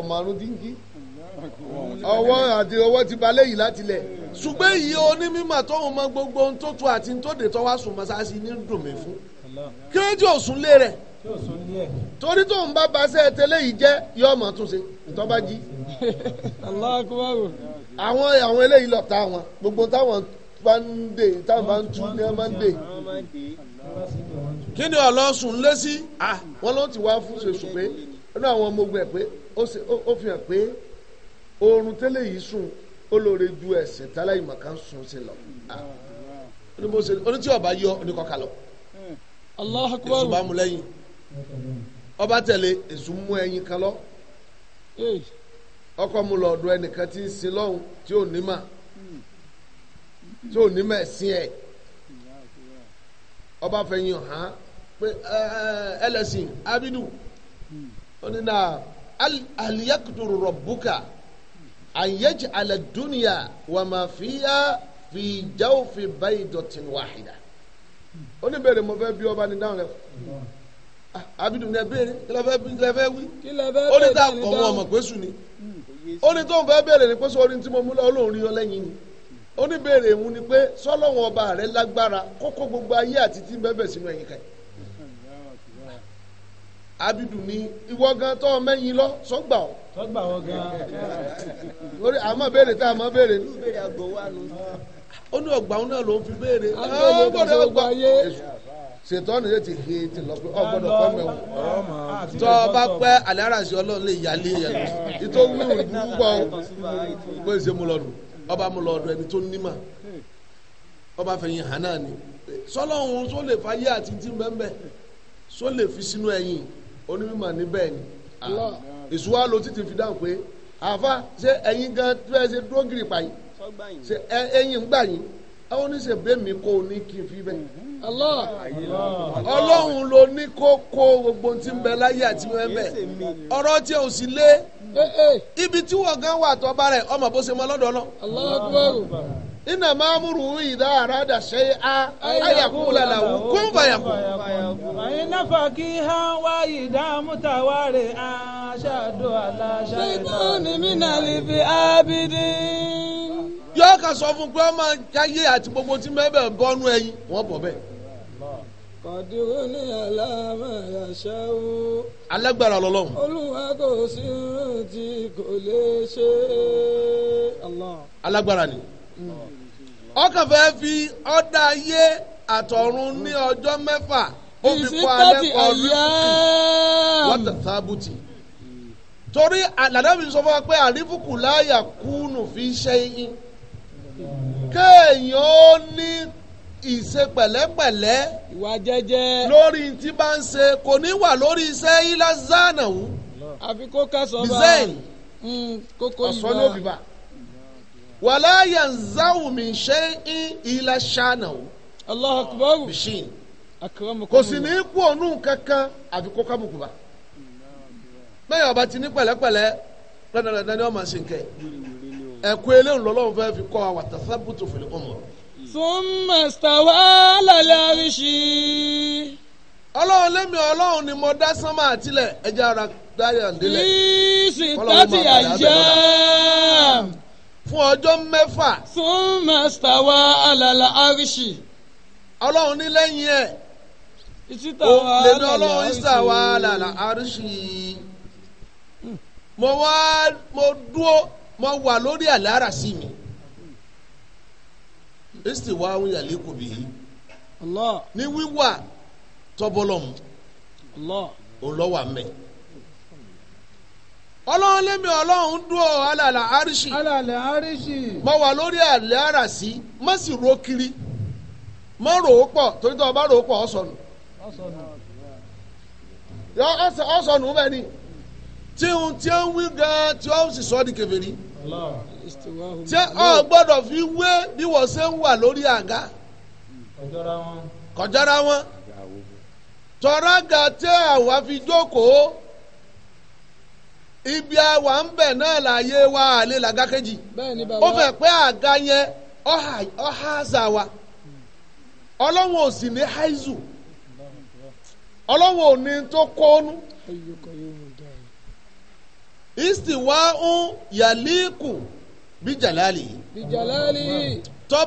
ọwọ́ àti ọwọ́ ti balẹ̀ yìí láti lẹ̀ ṣùgbọ́n èyí onímọ̀ tóun mọ gbogbo ohun tó tu àti tó dé tó wá sùn mọ́sáàsì ní dùn fún kí òsùn lé rẹ̀ torí tóun bá baṣẹ́ tẹ́lẹ̀ yìí jẹ́ yọ ọmọ tún ṣe ìtọ́ba jí. àwọn àwọn eléyìí lọ ta wọn gbogbo táwọn bá ń dè táwọn bá ń tú ní wọn ń dè kí ni ọlọ́sùn lé sí ah, wọn ló ti wá fún ṣe sùn inú àwọn ọmọ ogun ẹ̀ pé ó fi hàn pé oorun tẹ́lẹ̀ yìí sùn ó lóore ju ẹ̀sìn tálẹ̀ ìmọ̀ká ń sùn sí lọ. oní ah. ọba yọ oníkọ́ka lọ. bá mu lẹ́yìn ọba tẹ̀lé èso mú ẹyin kan lọ. ọkọ mu lọ ọ̀dọ̀ ẹnìkan ń ọba fẹ̀yìn pé eh, eh, eh, ẹlẹ́sìn abidu ó ní náà àyẹ́jì alẹ́ dúnìyà wà máa fi yá fi jáwó fi báyìí dọ̀tìn wàhídà. ó ní bèrè mo fẹ́ bí ọba ní dáhùn rẹ. Ah, abidu ní ẹ bèrè kí lè fẹ́ kí lè fẹ́ wí. kí lè fẹ́ bèrè ní dáhùn. ó ní tá a kọ̀ wọn ọmọ pé sùn ni. Hmm, ó ní tó ń fẹ́ bèrè ní pé orin tí mo mú lọ Ọlọ́run rí ọ lẹ́yìn ni. ó ní bèrè òun ni pé sọ́lọ́wọ́n ọba rẹ lágbára kókó gbogbo ayé àti tí ń bẹ́ẹ̀ bẹ̀ sínú ẹ̀yìn yìí abidu ni ìwọ gan tó mẹ́yìn lọ sọ́gbà ọ́. sọ́gbà ọ́ gan. lórí àmọ́ béèrè tá a mọ́ béèrè ní. béèrè àgbò wa nù. ó ní ọgbà òun náà ló ń fi béèrè. àgbọ̀dọ̀ ọgbà yé. ṣètò ọ̀nà yóò ti he ti lọ pé ọgbọ́dọ̀ kọ́ mẹ́wọ̀. tọ́ ọ bá pẹ́ àláràṣẹ ọlọ́run lè yálé yẹn lọ. ìtò wíwù burúkú pọ̀ pé ṣe mo lọ dùn ọba mo lọ ọ̀dọ̀ ẹni tó ní mà ọba fẹ̀yìn hàn náà ni sọlọ́run tó lè fayé àti ti bẹ́ẹ̀ bẹ́ẹ̀ só onímọ̀ níbẹ̀ ni ìṣúwà ló ti ti fi dáhùn pé àfa ṣé ẹ̀yin gan tó ẹ ṣe dúró gírì pa yìí ṣe ẹ̀yin gbà yín àwọn ní kí n fi bẹ́ẹ̀. ọlọ́run ló ní kó gbogbo tí ń bẹ láyé àti mẹ́mẹ́ ọ̀rọ̀ tí sì lé ibi tí wọ́n gan wà tọ́ bá rẹ̀ ọmọ bó ṣe mọ́ iná máa múrù ìdá ara dà ṣe á ayàkú làlàwù kún fàyàkú. àyìn náà fàkì há wá ìdààmú tàwárè aṣáájú aláṣà. ṣètò yóò kà sọ fún pé ọmọ jáyé àti gbogbo tí mẹ́bẹ̀ ń bọ́nú ẹyin wọ́n bọ̀ bẹ́ẹ̀. kọ̀dúró ní aláàmà àṣà o. alágbára alagbara olúwa kò sí ohun tí kò lè ṣe. ni. Mm. ọkàn fẹ́ fi ọ̀dà ayé àtọ̀run ní ọjọ́ mẹ́fà ó fi kọ́ alẹ́ kọ́ rífùkù wọ́tà tábùtì. torí àdàbí sọ fún wa pé àrífùkù láàyà kúnnù fi ṣe yín kéèyàn ó ní ìṣe pẹ̀lẹ́pẹ̀lẹ́ ìwà jẹ́jẹ́ lórí tí bá ń ṣe kò ní wà lórí iṣẹ́ ilá zánà wù. àfi kó kásán bá kókó hmm, ìbá. wala yanzawu min shay'in ila shanahu. Allahu akbar. bishin. kò sì ní kú ònú kankan àfi kó kábùkù ti ní pẹ̀lẹ́pẹ̀lẹ́ dandandan ni wọ́n máa ṣe nkẹ́. ẹ̀kú eléyìí lọ́lọ́run fi ni mo ara fún ọjọ́ mẹ́fà. fún mẹ́sítà wa alàlà àríṣì. ọlọ́run ní lẹ́yìn ẹ̀. ìsítà wa alàlà àríṣì. lẹ́nu ọlọ́run ìsítà wa alàlà àríṣì. mo wá mo dúró mo wà lórí àlàárà sí mi. ìsítì wa ń yàlẹ́ kò bì ní wíwà tọ́bọ̀lọ́mù. òun lọ́wọ́ àmẹ́ ọlọ́run lémi ọlọ́run dúró alàlà àríṣì. alàlà àríṣì. mo wà lórí àlẹ́ àràsí má sì ro kiri má rò ó pọ̀ torí tó o bá rò ó pọ̀ ọ sọnù. ọ sọnù bẹ́ẹ̀ ni tí ohun tí ó ń wí gan tí ó sì sọ di kèfèrí. tí ọ gbọ́dọ̀ fi wé bí wọ́n ṣe ń wà lórí àga. kọjára wọn. tọ́ra ga tẹ́ àwa fi jókòó. ibi àwa wa àlè làgákejì ó fẹ́ pé àga yẹn ọ̀házà wa ọlọ́wọ́n ò sì ní haizu ọlọ́wọ́n ò ní tó kọ́nu ń yàlíkù bí jàlálì ọ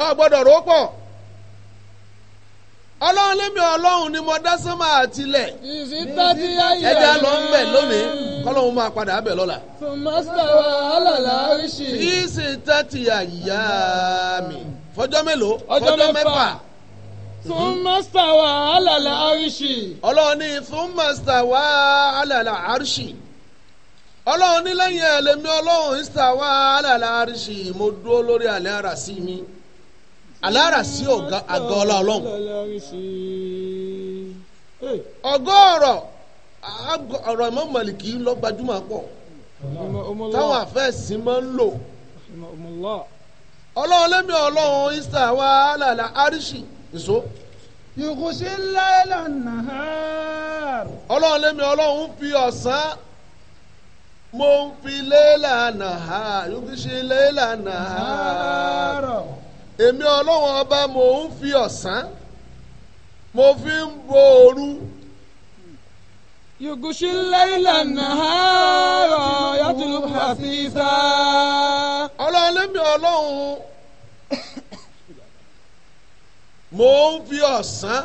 gbọ́dọ̀ rọ́pọ̀. ọlọ́run lémi ọlọ́run ni mo dá sánmà àti ilẹ̀. ìfipá tí a yà yẹn. ẹja lọ ń bẹ̀ lónìí kọ́lọ́hún máa padà bẹ̀ lọ́la. fòmásítàwà alàlà oríṣi. ìṣe tàtí àyà mi. fọjọ́ mélòó fọjọ́ mẹ́fà. wa alàlà oríṣi. ọlọ́run ní fòmásítàwà alàlà oríṣi. ọlọ́run ní lẹ́yìn ẹ̀ lèmi ọlọ́run ìṣàwà alàlà oríṣi mo dúró lórí àlẹ́ àràsí mi. alára sí àgọ́ ọlọ́run ọgọ́ ọ̀rọ̀ Imam Málíkì lọ gbajúmọ̀ pọ̀ táwọn àfẹ́sí máa ń lò ọlọ́run lẹ́mí ọlọ́run ìsà wa alàlà àríṣì láìlà ọlọ́run lẹ́mí ọlọ́run fi ọ̀sán mo fi léèlà léèlà èmi ọlọ́wọ́n ọba mò ń fi ọ̀sán mo fi ń bo òru. yògùsí lẹ́yìnlá nàárọ̀ yàtúlù hàfíìsà. ọlọ́run ọlọ́run mo ń fi ọ̀sán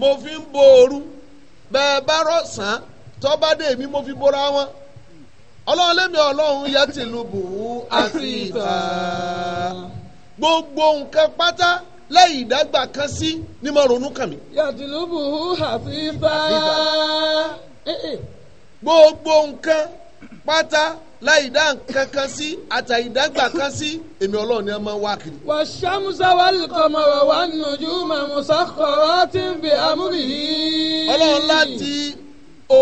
mo fi ń bo òru bẹ́ẹ̀ bá rọ̀sán tọ́ba dé mi mo fi bora wọn ọlọ́run ọlọ́run yàtúlù bù gbogbo nǹkan pátá lẹ́yìn ìdágbà kan sí ni mo ronú kàn mí. yàtìlúbù hàfífà. gbogbo nǹkan pátá láì dá nǹkan kan sí àtàìdágbà kan sí èmi ọlọ́run ni a máa ń wá kiri. wà sàmúsà wà lùkọ̀mọ̀rọ̀ wà nùjú màmúsà kọ̀ọ̀rọ̀ tí ń bẹ amúrì yìí. ọlọ́run láti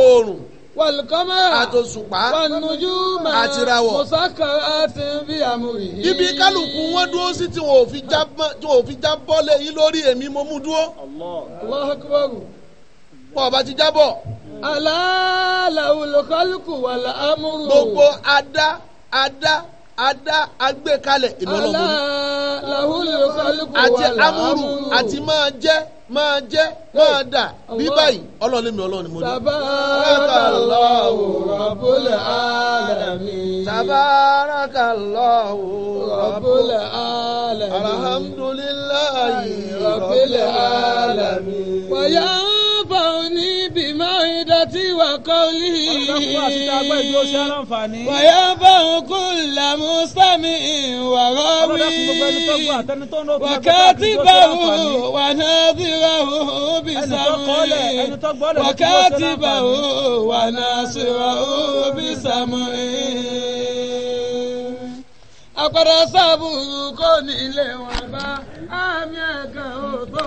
oòrùn wàlùkọ́mọ́ àtòṣùpá wànújúmọ́ àtìràwọ̀ mùsàkàràtì bí àmúrì. ibi kálukú wọn dúró sí tí wọn ò fi já bọ́lẹ̀ yìí lórí èmi mo mú dúró. Allahu Akbar. bọ́ ọba ti jábọ̀. aláàlàwùlù kálukú wà láàmúrù. gbogbo ada ada ada agbékalẹ̀ ìmọ̀lọ́mọ́. aláàlàwùlù kálukú wà láàmúrù. àti amúrù àti máa jẹ́ máa jẹ́ máa oh, dà bí báyìí ọlọ́ọ̀lẹ́mi ọlọ́ọ̀ ni mo ní. tabarakallahu rabbul alamin. tabarakallahu rabbul alamin. alhamdulillahi rabbil alamin. wàyà fàóní bímọ ìdọ̀tí wà kọ́lí. ọlọ́kùnrin àti tàgbà ìjọ ṣe aláǹfààní. wàyà báwọn kú làmú sami ìwàrọ̀ wí. wákàtí báwọn wà náà bí ráwọ̀ bí sàmúrì. wákàtí báwọn wà náà sí ráwọ̀ bí sàmúrì. àpẹẹrẹ sábùrù kò ní wọn bá àmì ẹ̀gàn òótọ́.